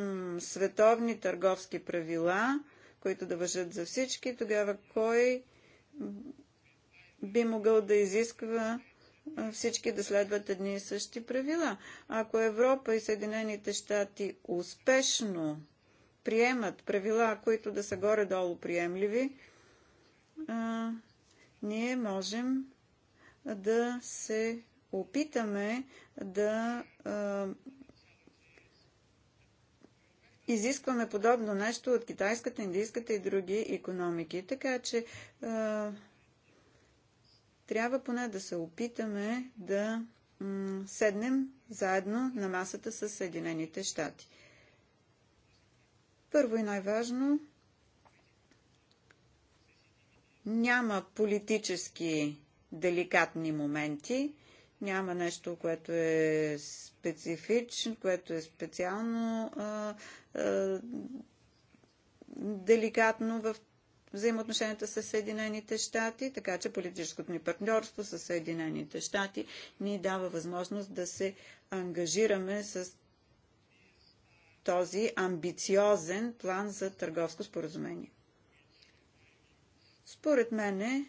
световни търговски правила, които да въжат за всички, тогава кой би могъл да изисква всички да следват едни и същи правила. Ако Европа и Съединените щати успешно приемат правила, които да са горе-долу приемливи, а, ние можем да се опитаме да а, изискваме подобно нещо от китайската, индийската и други економики. Така че а, трябва поне да се опитаме да седнем заедно на масата с Съединените щати. Първо и най-важно, няма политически деликатни моменти. Няма нещо, което е специфично, което е специално а, а, деликатно в взаимоотношенията с Съединените щати, така че политическото ни партньорство с Съединените щати ни дава възможност да се ангажираме с този амбициозен план за търговско споразумение. Според мен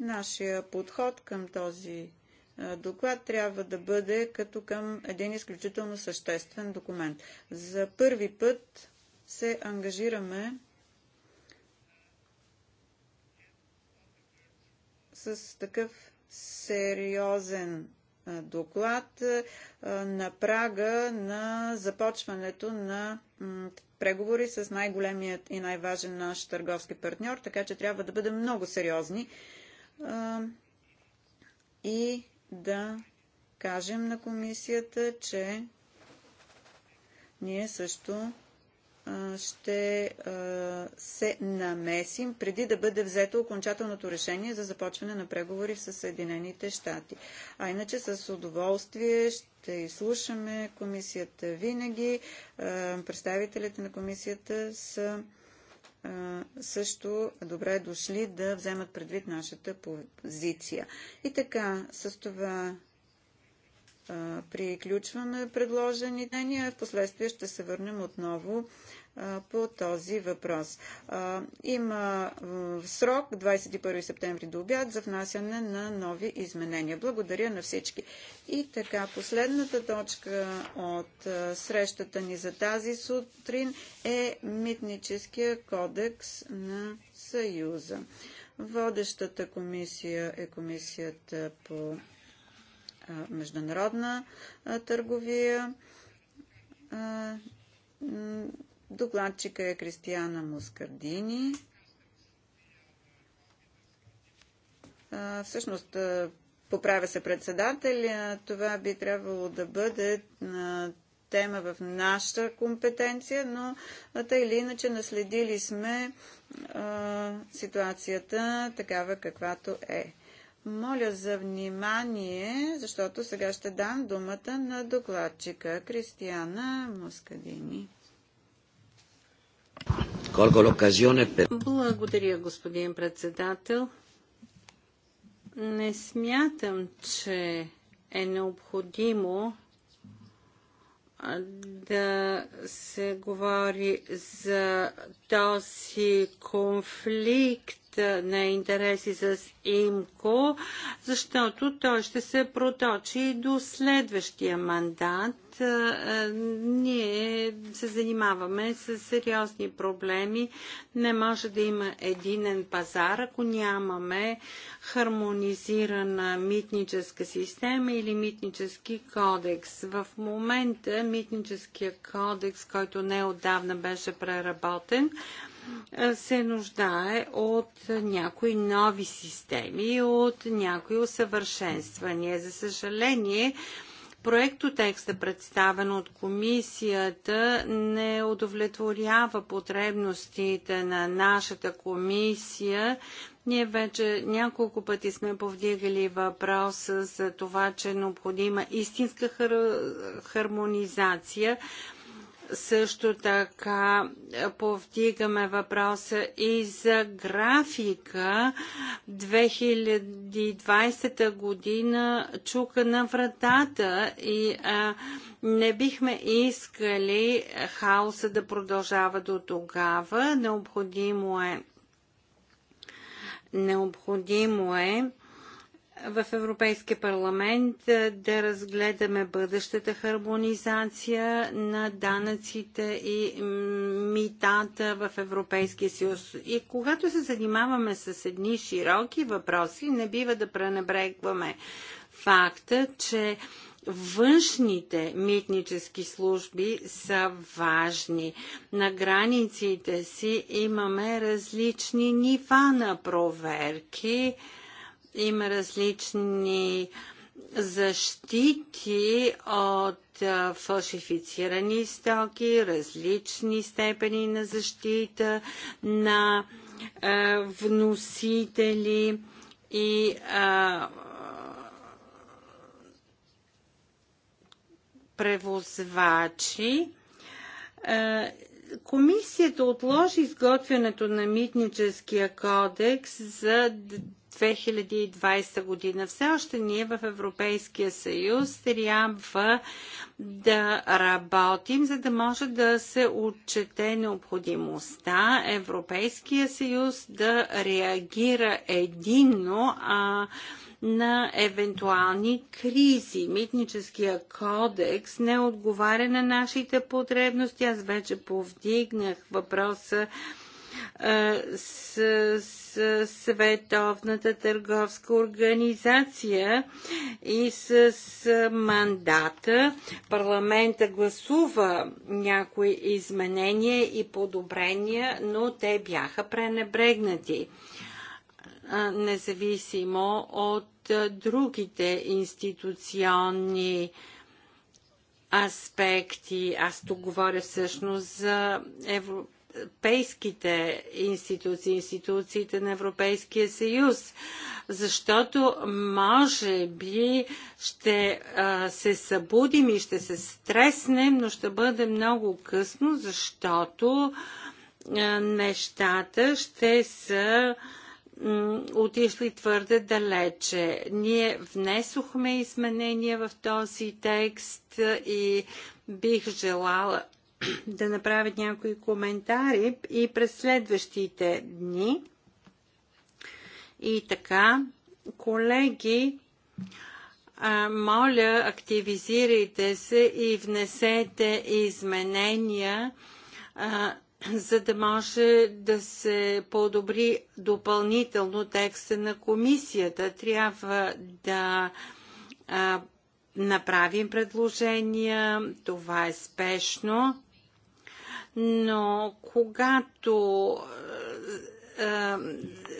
Нашия подход към този доклад трябва да бъде като към един изключително съществен документ. За първи път се ангажираме с такъв сериозен доклад на прага на започването на преговори с най-големият и най-важен наш търговски партньор, така че трябва да бъдем много сериозни а, и да кажем на комисията, че ние също а, ще а, се намесим преди да бъде взето окончателното решение за започване на преговори с Съединените щати. А иначе с удоволствие ще изслушаме комисията винаги. А, представителите на комисията са също добре дошли да вземат предвид нашата позиция. И така, с това приключваме предложените В последствие ще се върнем отново по този въпрос. Има срок 21 септември до обяд за внасяне на нови изменения. Благодаря на всички. И така, последната точка от срещата ни за тази сутрин е Митническия кодекс на Съюза. Водещата комисия е комисията по международна търговия Докладчика е Кристияна Мускардини. Всъщност, поправя се председателя, това би трябвало да бъде тема в нашата компетенция, но тъй или иначе наследили сме а, ситуацията такава каквато е. Моля за внимание, защото сега ще дам думата на докладчика Кристияна Мускадини. Благодаря, господин председател. Не смятам, че е необходимо да се говори за този конфликт на интереси с ИМКО, защото той ще се проточи до следващия мандат. Е, ние се занимаваме с сериозни проблеми. Не може да има единен пазар, ако нямаме хармонизирана митническа система или митнически кодекс. В момента митническия кодекс, който неодавна беше преработен, се нуждае от някои нови системи, от някои усъвършенствания. За съжаление, текста, представен от комисията, не удовлетворява потребностите на нашата комисия. Ние вече няколко пъти сме повдигали въпроса за това, че е необходима истинска хар- хармонизация също така е, повдигаме въпроса и за графика 2020 година чука на вратата и а, е, не бихме искали хаоса да продължава до тогава. Необходимо е Необходимо е в Европейския парламент е, да разгледаме бъдещата хармонизация на данъците и митата в Европейския съюз. И когато се занимаваме с едни широки въпроси, не бива да пренебрегваме факта, че външните митнически служби са важни. На границите си имаме различни нива на проверки. Има различни защити от фалшифицирани стоки, различни степени на защита на вносители и превозвачи. комисията отложи изготвянето на митническия кодекс за 2020 година. Все още ние в Европейския съюз трябва да работим, за да може да се отчете необходимостта Европейския съюз да реагира единно, а на евентуални кризи. Митническия кодекс не отговаря на нашите потребности. Аз вече повдигнах въпроса с, с Световната търговска организация и с мандата. Парламента гласува някои изменения и подобрения, но те бяха пренебрегнати независимо от другите институционни аспекти. Аз тук говоря всъщност за Евро европейските институции, институциите на Европейския съюз, защото може би ще а, се събудим и ще се стреснем, но ще бъде много късно, защото а, нещата ще са отишли твърде далече. Ние внесохме изменения в този текст и бих желала да направят някои коментари и през следващите дни. И така, колеги, моля, активизирайте се и внесете изменения, за да може да се подобри допълнително текста на комисията. Трябва да направим предложения, това е спешно но когато е, е,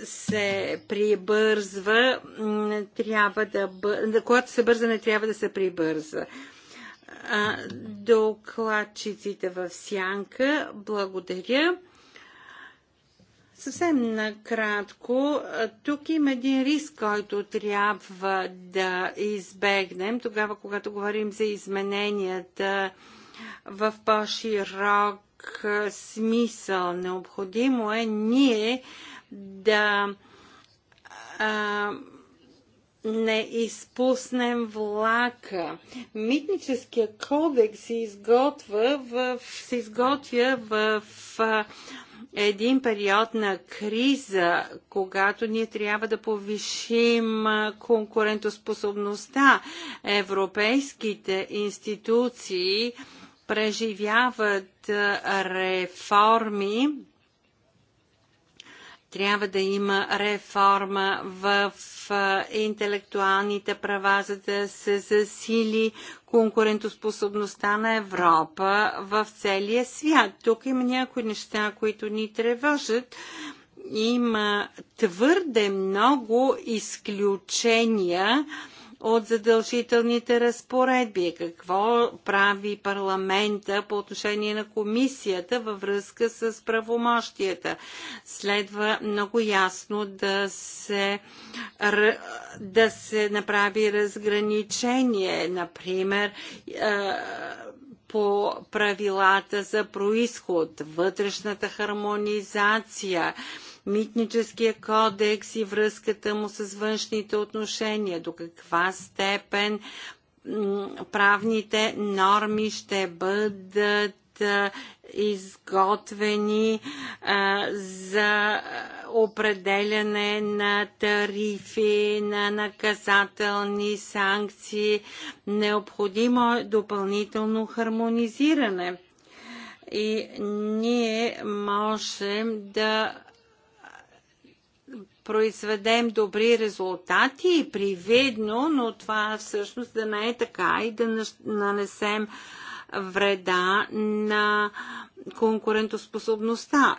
се прибързва, трябва да бъ... когато се бърза, не трябва да се прибърза. Докладчиците в сянка, благодаря. Съвсем накратко, тук има един риск, който трябва да избегнем тогава, когато говорим за измененията в по-широк смисъл. Необходимо е ние да а, не изпуснем влака. Митническия кодекс се изготвя в, се изготвя в а, един период на криза, когато ние трябва да повишим конкурентоспособността. Европейските институции преживяват реформи. Трябва да има реформа в интелектуалните права, за да се засили конкурентоспособността на Европа в целия свят. Тук има някои неща, които ни тревожат има твърде много изключения от задължителните разпоредби. Какво прави парламента по отношение на комисията във връзка с правомощията? Следва много ясно да се, да се направи разграничение, например, по правилата за происход, вътрешната хармонизация, митническия кодекс и връзката му с външните отношения, до каква степен правните норми ще бъдат изготвени а, за определяне на тарифи, на наказателни санкции. Необходимо е допълнително хармонизиране. И ние можем да произведем добри резултати и привидно, но това всъщност да не е така и да нанесем вреда на конкурентоспособността.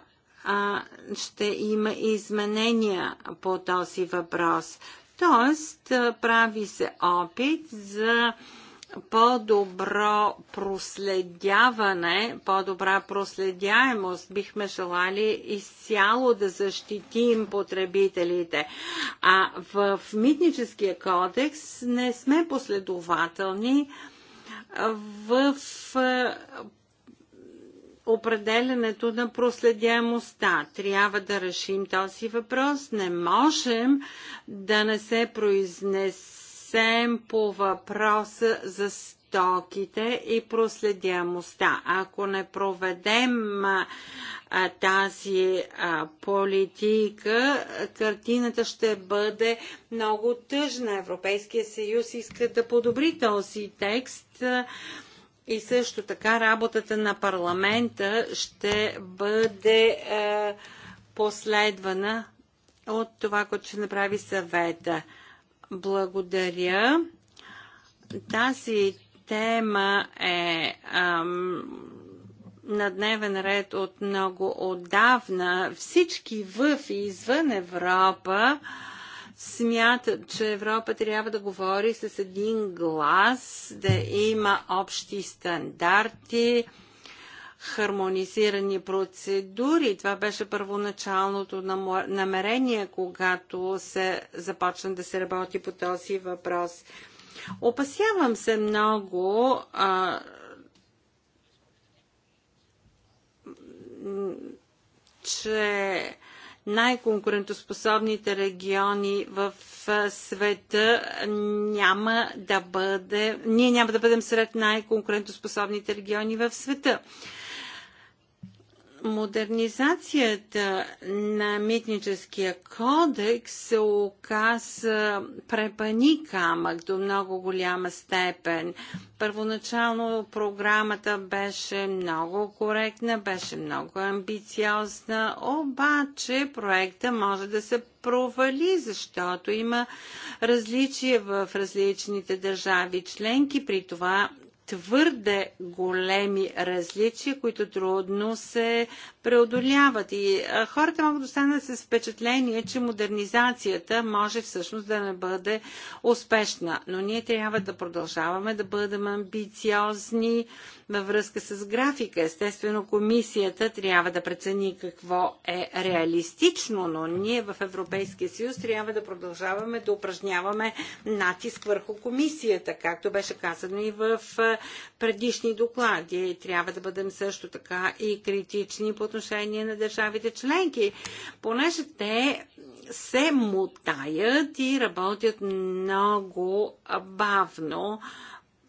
ще има изменения по този въпрос. Тоест, прави се опит за по-добро проследяване, по-добра проследяемост. Бихме желали изцяло да защитим потребителите. А в Митническия кодекс не сме последователни в е, определенето на проследяемостта. Трябва да решим този въпрос. Не можем да не се произнесем съвсем по въпроса за стоките и проследяемостта. Ако не проведем а, тази а, политика, картината ще бъде много тъжна. Европейския съюз иска да подобри този текст. и също така работата на парламента ще бъде е, последвана от това, което ще направи съвета. Благодаря. Тази тема е ам, на дневен ред от много отдавна. Всички в и извън Европа смятат, че Европа трябва да говори с един глас, да има общи стандарти, хармонизирани процедури. Това беше първоначалното намерение, когато се започна да се работи по този въпрос. Опасявам се много а, че най-конкурентоспособните региони в света няма да бъде, ние няма да бъдем сред най-конкурентоспособните региони в света. Модернизацията на митническия кодекс се оказа препани камък до много голяма степен. Първоначално програмата беше много коректна, беше много амбициозна, обаче проекта може да се провали, защото има различия в различните държави членки, при това твърде големи различия, които трудно се преодоляват. И хората могат да останат с впечатление, че модернизацията може всъщност да не бъде успешна. Но ние трябва да продължаваме да бъдем амбициозни във връзка с графика. Естествено, комисията трябва да прецени какво е реалистично, но ние в Европейския съюз трябва да продължаваме да упражняваме натиск върху комисията, както беше казано и в предишни доклади. Трябва да бъдем също така и критични по отношение на държавите членки, понеже те се мутаят и работят много бавно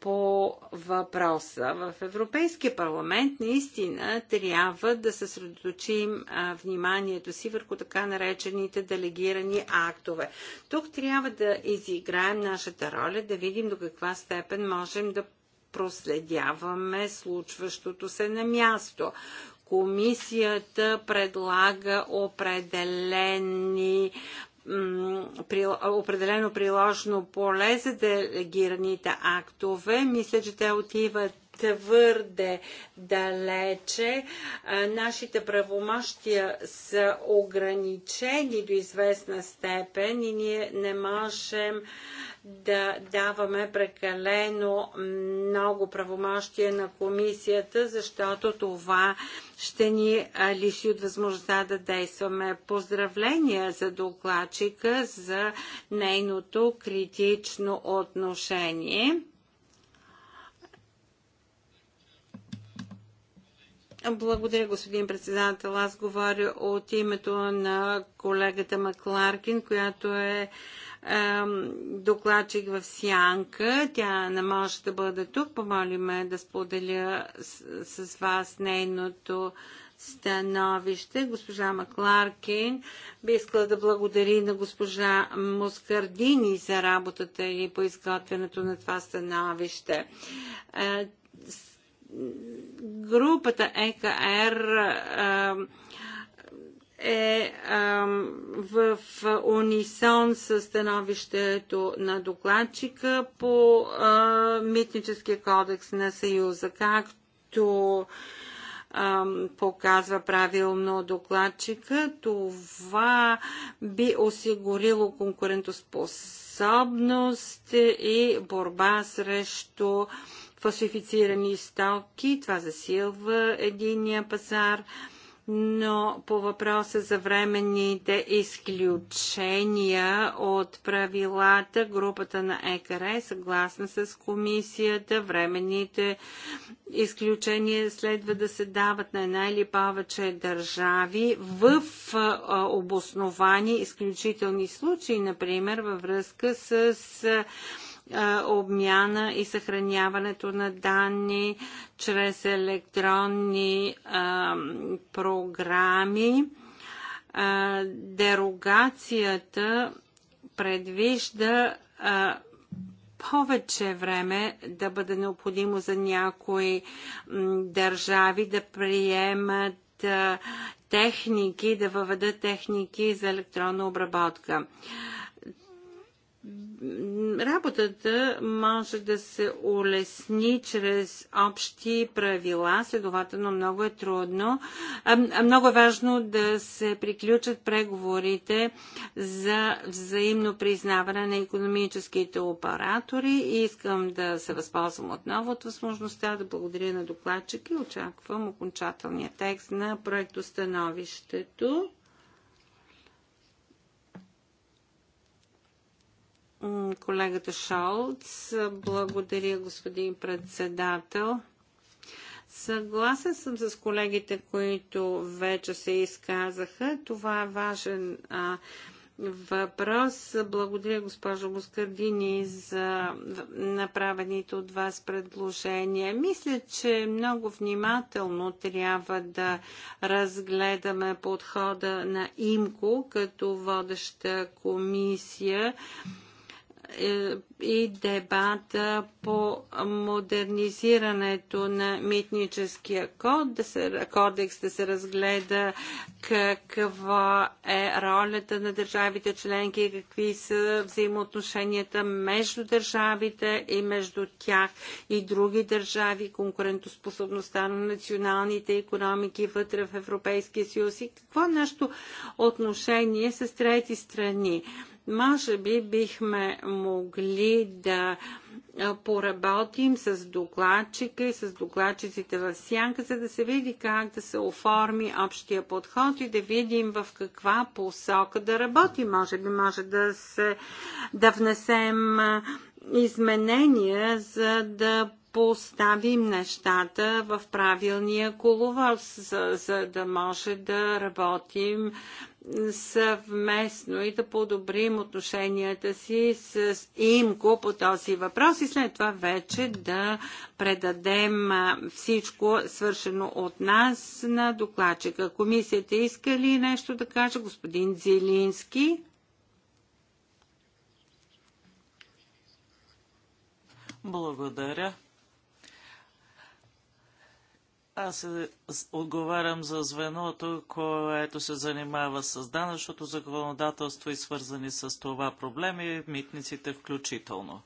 по въпроса. В Европейския парламент наистина трябва да съсредоточим вниманието си върху така наречените делегирани актове. Тук трябва да изиграем нашата роля, да видим до каква степен можем да проследяваме случващото се на място. Комисията предлага определени определено приложно поле за делегираните актове. Мисля, че те отиват твърде далече. Нашите правомощия са ограничени до известна степен и ние не можем да даваме прекалено много правомощия на комисията, защото това ще ни лиши от възможността да действаме. Поздравления за докладчика за нейното критично отношение. Благодаря, господин председател. Аз говоря от името на колегата Макларкин, която е докладчик в Сянка. Тя не може да бъде тук. Помолиме да споделя с, с вас нейното становище. Госпожа Макларкин би искала да благодари на госпожа Москардини за работата и по изготвянето на това становище. Групата ЕКР е в унисон с становището на докладчика по митническия кодекс на Съюза, както показва правилно докладчика, това би осигурило конкурентоспособност и борба срещу фалшифицирани стоки. Това засилва единия пазар но по въпроса за временните изключения от правилата, групата на ЕКР е съгласна с комисията. Временните изключения следва да се дават на една или повече държави в обосновани изключителни случаи, например във връзка с обмяна и съхраняването на данни чрез електронни програми. дерогацията предвижда повече време да бъде необходимо за някои държави да приемат техники, да въведат техники за електронна обработка. Работата може да се улесни чрез общи правила, следователно много е трудно. Много е важно да се приключат преговорите за взаимно признаване на економическите оператори. Искам да се възползвам отново от възможността да благодаря на докладчик и очаквам окончателния текст на проектостановището. колегата Шолц. Благодаря, господин председател. Съгласен съм с колегите, които вече се изказаха. Това е важен а, въпрос. Благодаря, госпожо Москардини, за направените от вас предложения. Мисля, че много внимателно трябва да разгледаме подхода на ИМКО като водеща комисия е, и дебата по модернизирането на митническия код, да се, кодекс да се разгледа каква е ролята на държавите членки, какви са взаимоотношенията между държавите и между тях и други държави, конкурентоспособността на националните економики вътре в Европейския съюз и какво е нашето отношение с трети страни. Може би бихме могли да поработим с докладчика и с докладчиците в сянка, за да се види как да се оформи общия подход и да видим в каква посока да работи. Може би може да, се, да внесем изменения, за да поставим нещата в правилния коловоз, за, за да може да работим съвместно и да подобрим отношенията си с ИМКО по този въпрос и след това вече да предадем всичко свършено от нас на докладчика. Комисията иска ли нещо да каже господин Зелински? Благодаря. Аз отговарям за звеното, което се занимава с данъчното законодателство и свързани с това проблеми, митниците включително.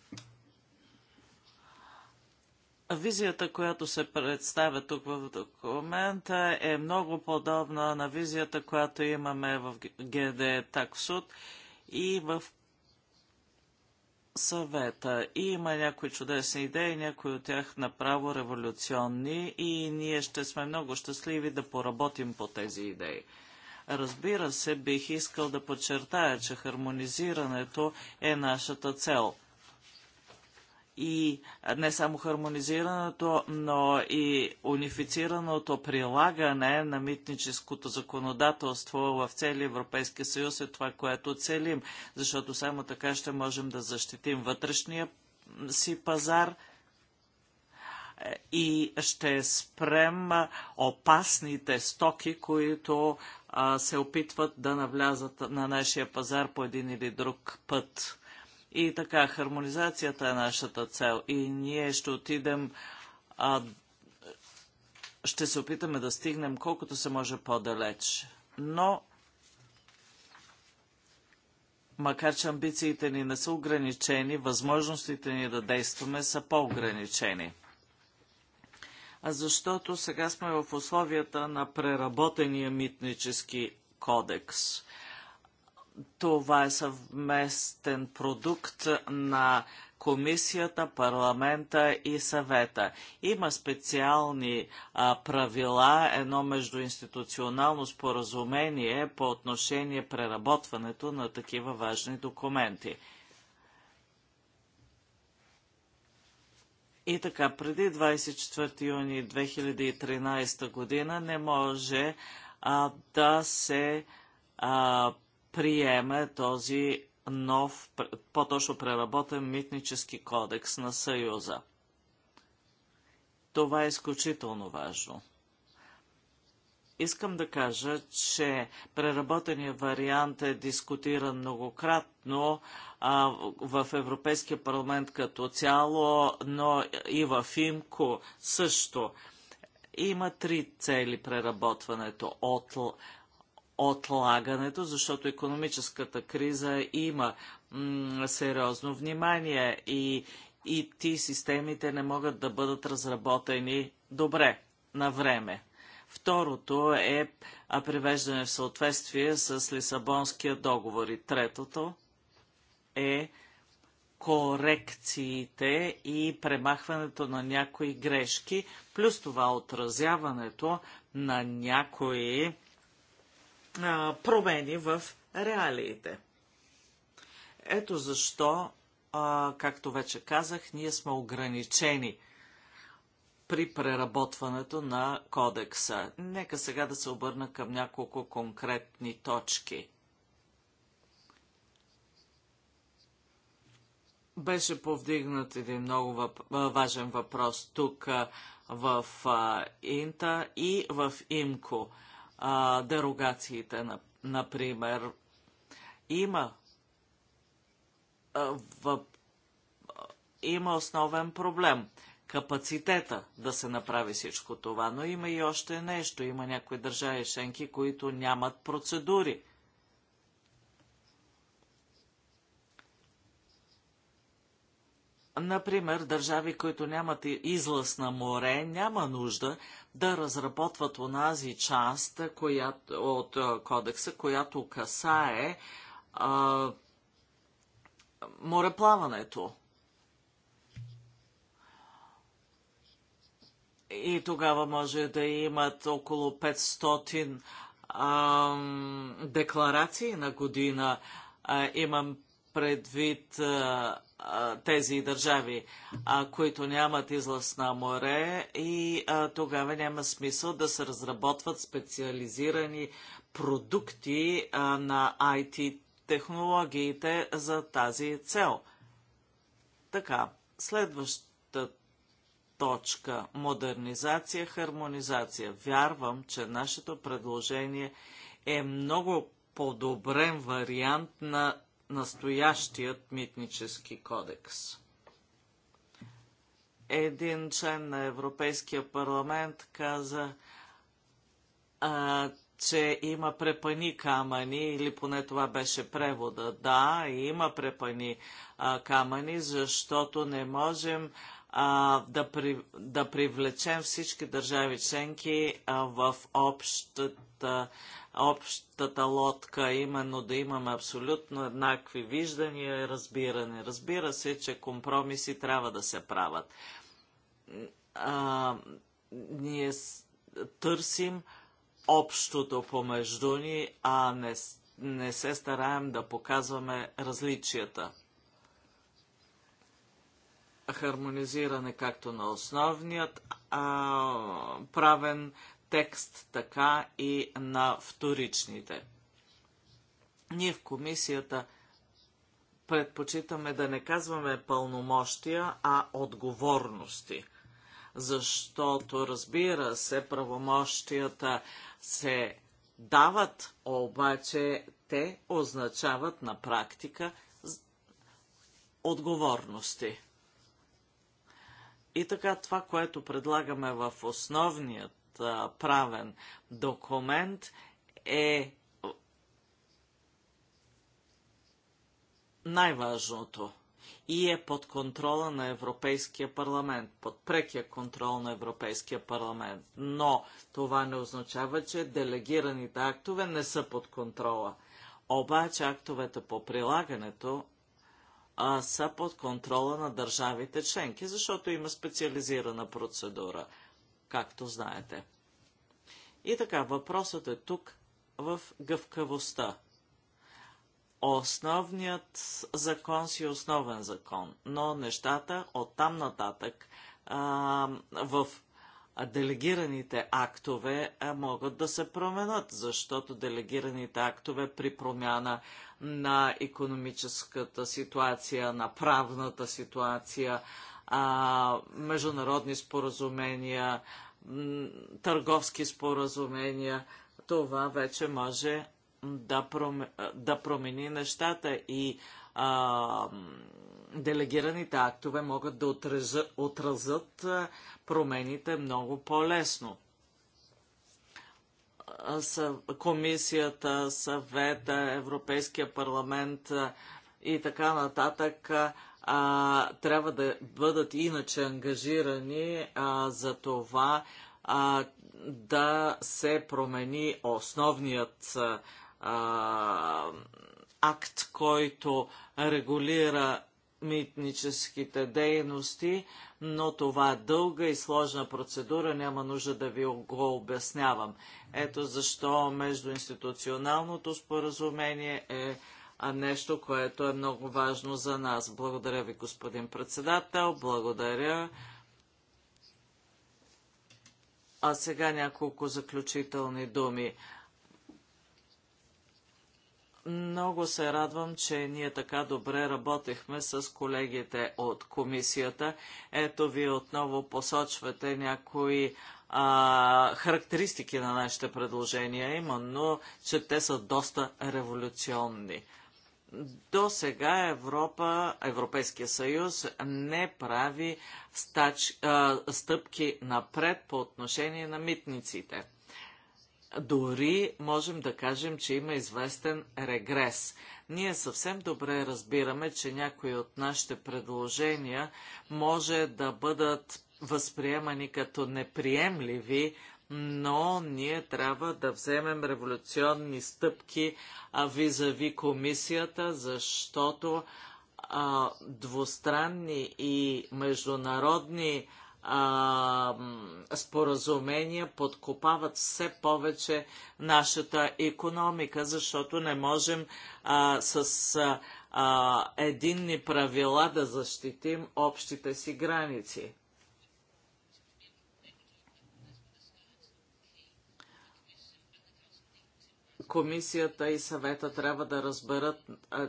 Визията, която се представя тук в документа е много подобна на визията, която имаме в ГД Таксуд и в съвета. И има някои чудесни идеи, някои от тях направо революционни и ние ще сме много щастливи да поработим по тези идеи. Разбира се, бих искал да подчертая, че хармонизирането е нашата цел и не само хармонизираното, но и унифицираното прилагане на митническото законодателство в целия Европейски съюз е това, което целим, защото само така ще можем да защитим вътрешния си пазар е, и ще спрем опасните стоки, които се опитват да навлязат на нашия пазар по един или друг път. И така, хармонизацията е нашата цел и ние ще отидем, а, ще се опитаме да стигнем колкото се може по-далеч. Но, макар че амбициите ни не са ограничени, възможностите ни да действаме са по-ограничени. А защото сега сме в условията на преработения митнически кодекс – това е съвместен продукт на Комисията, парламента и съвета. Има специални а, правила, едно междуинституционално споразумение по отношение преработването на такива важни документи. И така, преди 24 юни 2013 година не може а, да се а, приеме този нов, по-точно преработен митнически кодекс на Съюза. Това е изключително важно. Искам да кажа, че преработеният вариант е дискутиран многократно а, в Европейския парламент като цяло, но и в ИМКО също. Има три цели преработването от отлагането, защото економическата криза има сериозно внимание и Ти системите не могат да бъдат разработени добре, на време. Второто е привеждане в съответствие с Лисабонския договор. И третото е корекциите и премахването на някои грешки, плюс това отразяването на някои а, промени в реалиите. Ето защо, а, както вече казах, ние сме ограничени при преработването на кодекса. Нека сега да се обърна към няколко конкретни точки. Беше повдигнат един много въп... важен въпрос тук в Инта и в Имко а, дерогациите, на, например. Има а, в, а, има основен проблем капацитета да се направи всичко това, но има и още нещо. Има някои държави шенки които нямат процедури Например, държави, които нямат излъз на море, няма нужда да разработват онази част която, от кодекса, която касае а, мореплаването. И тогава може да имат около 500 а, декларации на година. А, имам предвид а, а, тези държави, а, които нямат излъз на море и а, тогава няма смисъл да се разработват специализирани продукти а, на IT технологиите за тази цел. Така, следващата точка – модернизация, хармонизация. Вярвам, че нашето предложение е много подобрен вариант на настоящият митнически кодекс. Един член на Европейския парламент каза, а, че има препани камъни, или поне това беше превода. Да, има препани а, камъни, защото не можем а, да, при, да привлечем всички държави членки а, в общата общата лодка, именно да имаме абсолютно еднакви виждания и разбиране. Разбира се, че компромиси трябва да се правят. А, ние търсим общото помежду ни, а не, не се стараем да показваме различията. Хармонизиране както на основният а, правен текст, така и на вторичните. Ние в комисията предпочитаме да не казваме пълномощия, а отговорности. Защото, разбира се, правомощията се дават, обаче те означават на практика отговорности. И така това, което предлагаме в основният правен документ е най-важното и е под контрола на Европейския парламент, под прекия контрол на Европейския парламент. Но това не означава, че делегираните актове не са под контрола. Обаче актовете по прилагането а, са под контрола на държавите членки, защото има специализирана процедура – както знаете. И така, въпросът е тук в гъвкавостта. Основният закон си е основен закон, но нещата от там нататък а, в делегираните актове а, могат да се променят, защото делегираните актове при промяна на економическата ситуация, на правната ситуация, а, международни споразумения, търговски споразумения, това вече може да, пром... да промени нещата и а, делегираните актове могат да отразят, отразят промените много по-лесно. Комисията, съвета, Европейския парламент и така нататък а, трябва да бъдат иначе ангажирани а, за това а, да се промени основният а, акт, който регулира митническите дейности, но това е дълга и сложна процедура, няма нужда да ви го обяснявам. Ето защо междуинституционалното споразумение е а нещо, което е много важно за нас. Благодаря ви, господин председател. Благодаря. А сега няколко заключителни думи. Много се радвам, че ние така добре работехме с колегите от комисията. Ето ви отново посочвате някои а, характеристики на нашите предложения, именно, че те са доста революционни. До сега Европа, Европейския съюз не прави стач, а, стъпки напред по отношение на митниците. Дори можем да кажем, че има известен регрес. Ние съвсем добре разбираме, че някои от нашите предложения може да бъдат възприемани като неприемливи но ние трябва да вземем революционни стъпки визави комисията, защото а, двустранни и международни а, споразумения подкопават все повече нашата економика, защото не можем а, с а, единни правила да защитим общите си граници. комисията и съвета трябва да разберат,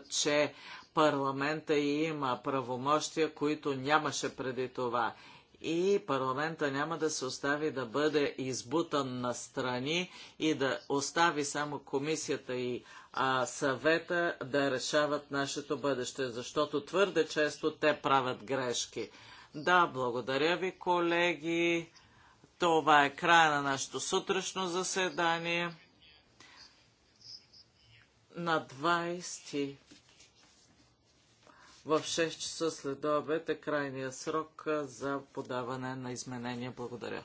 че парламента има правомощия, които нямаше преди това. И парламента няма да се остави да бъде избутан на страни и да остави само комисията и а, съвета да решават нашето бъдеще, защото твърде често те правят грешки. Да, благодаря ви, колеги. Това е края на нашето сутрешно заседание на 20 в 6 часа след обед е крайния срок за подаване на изменения. Благодаря.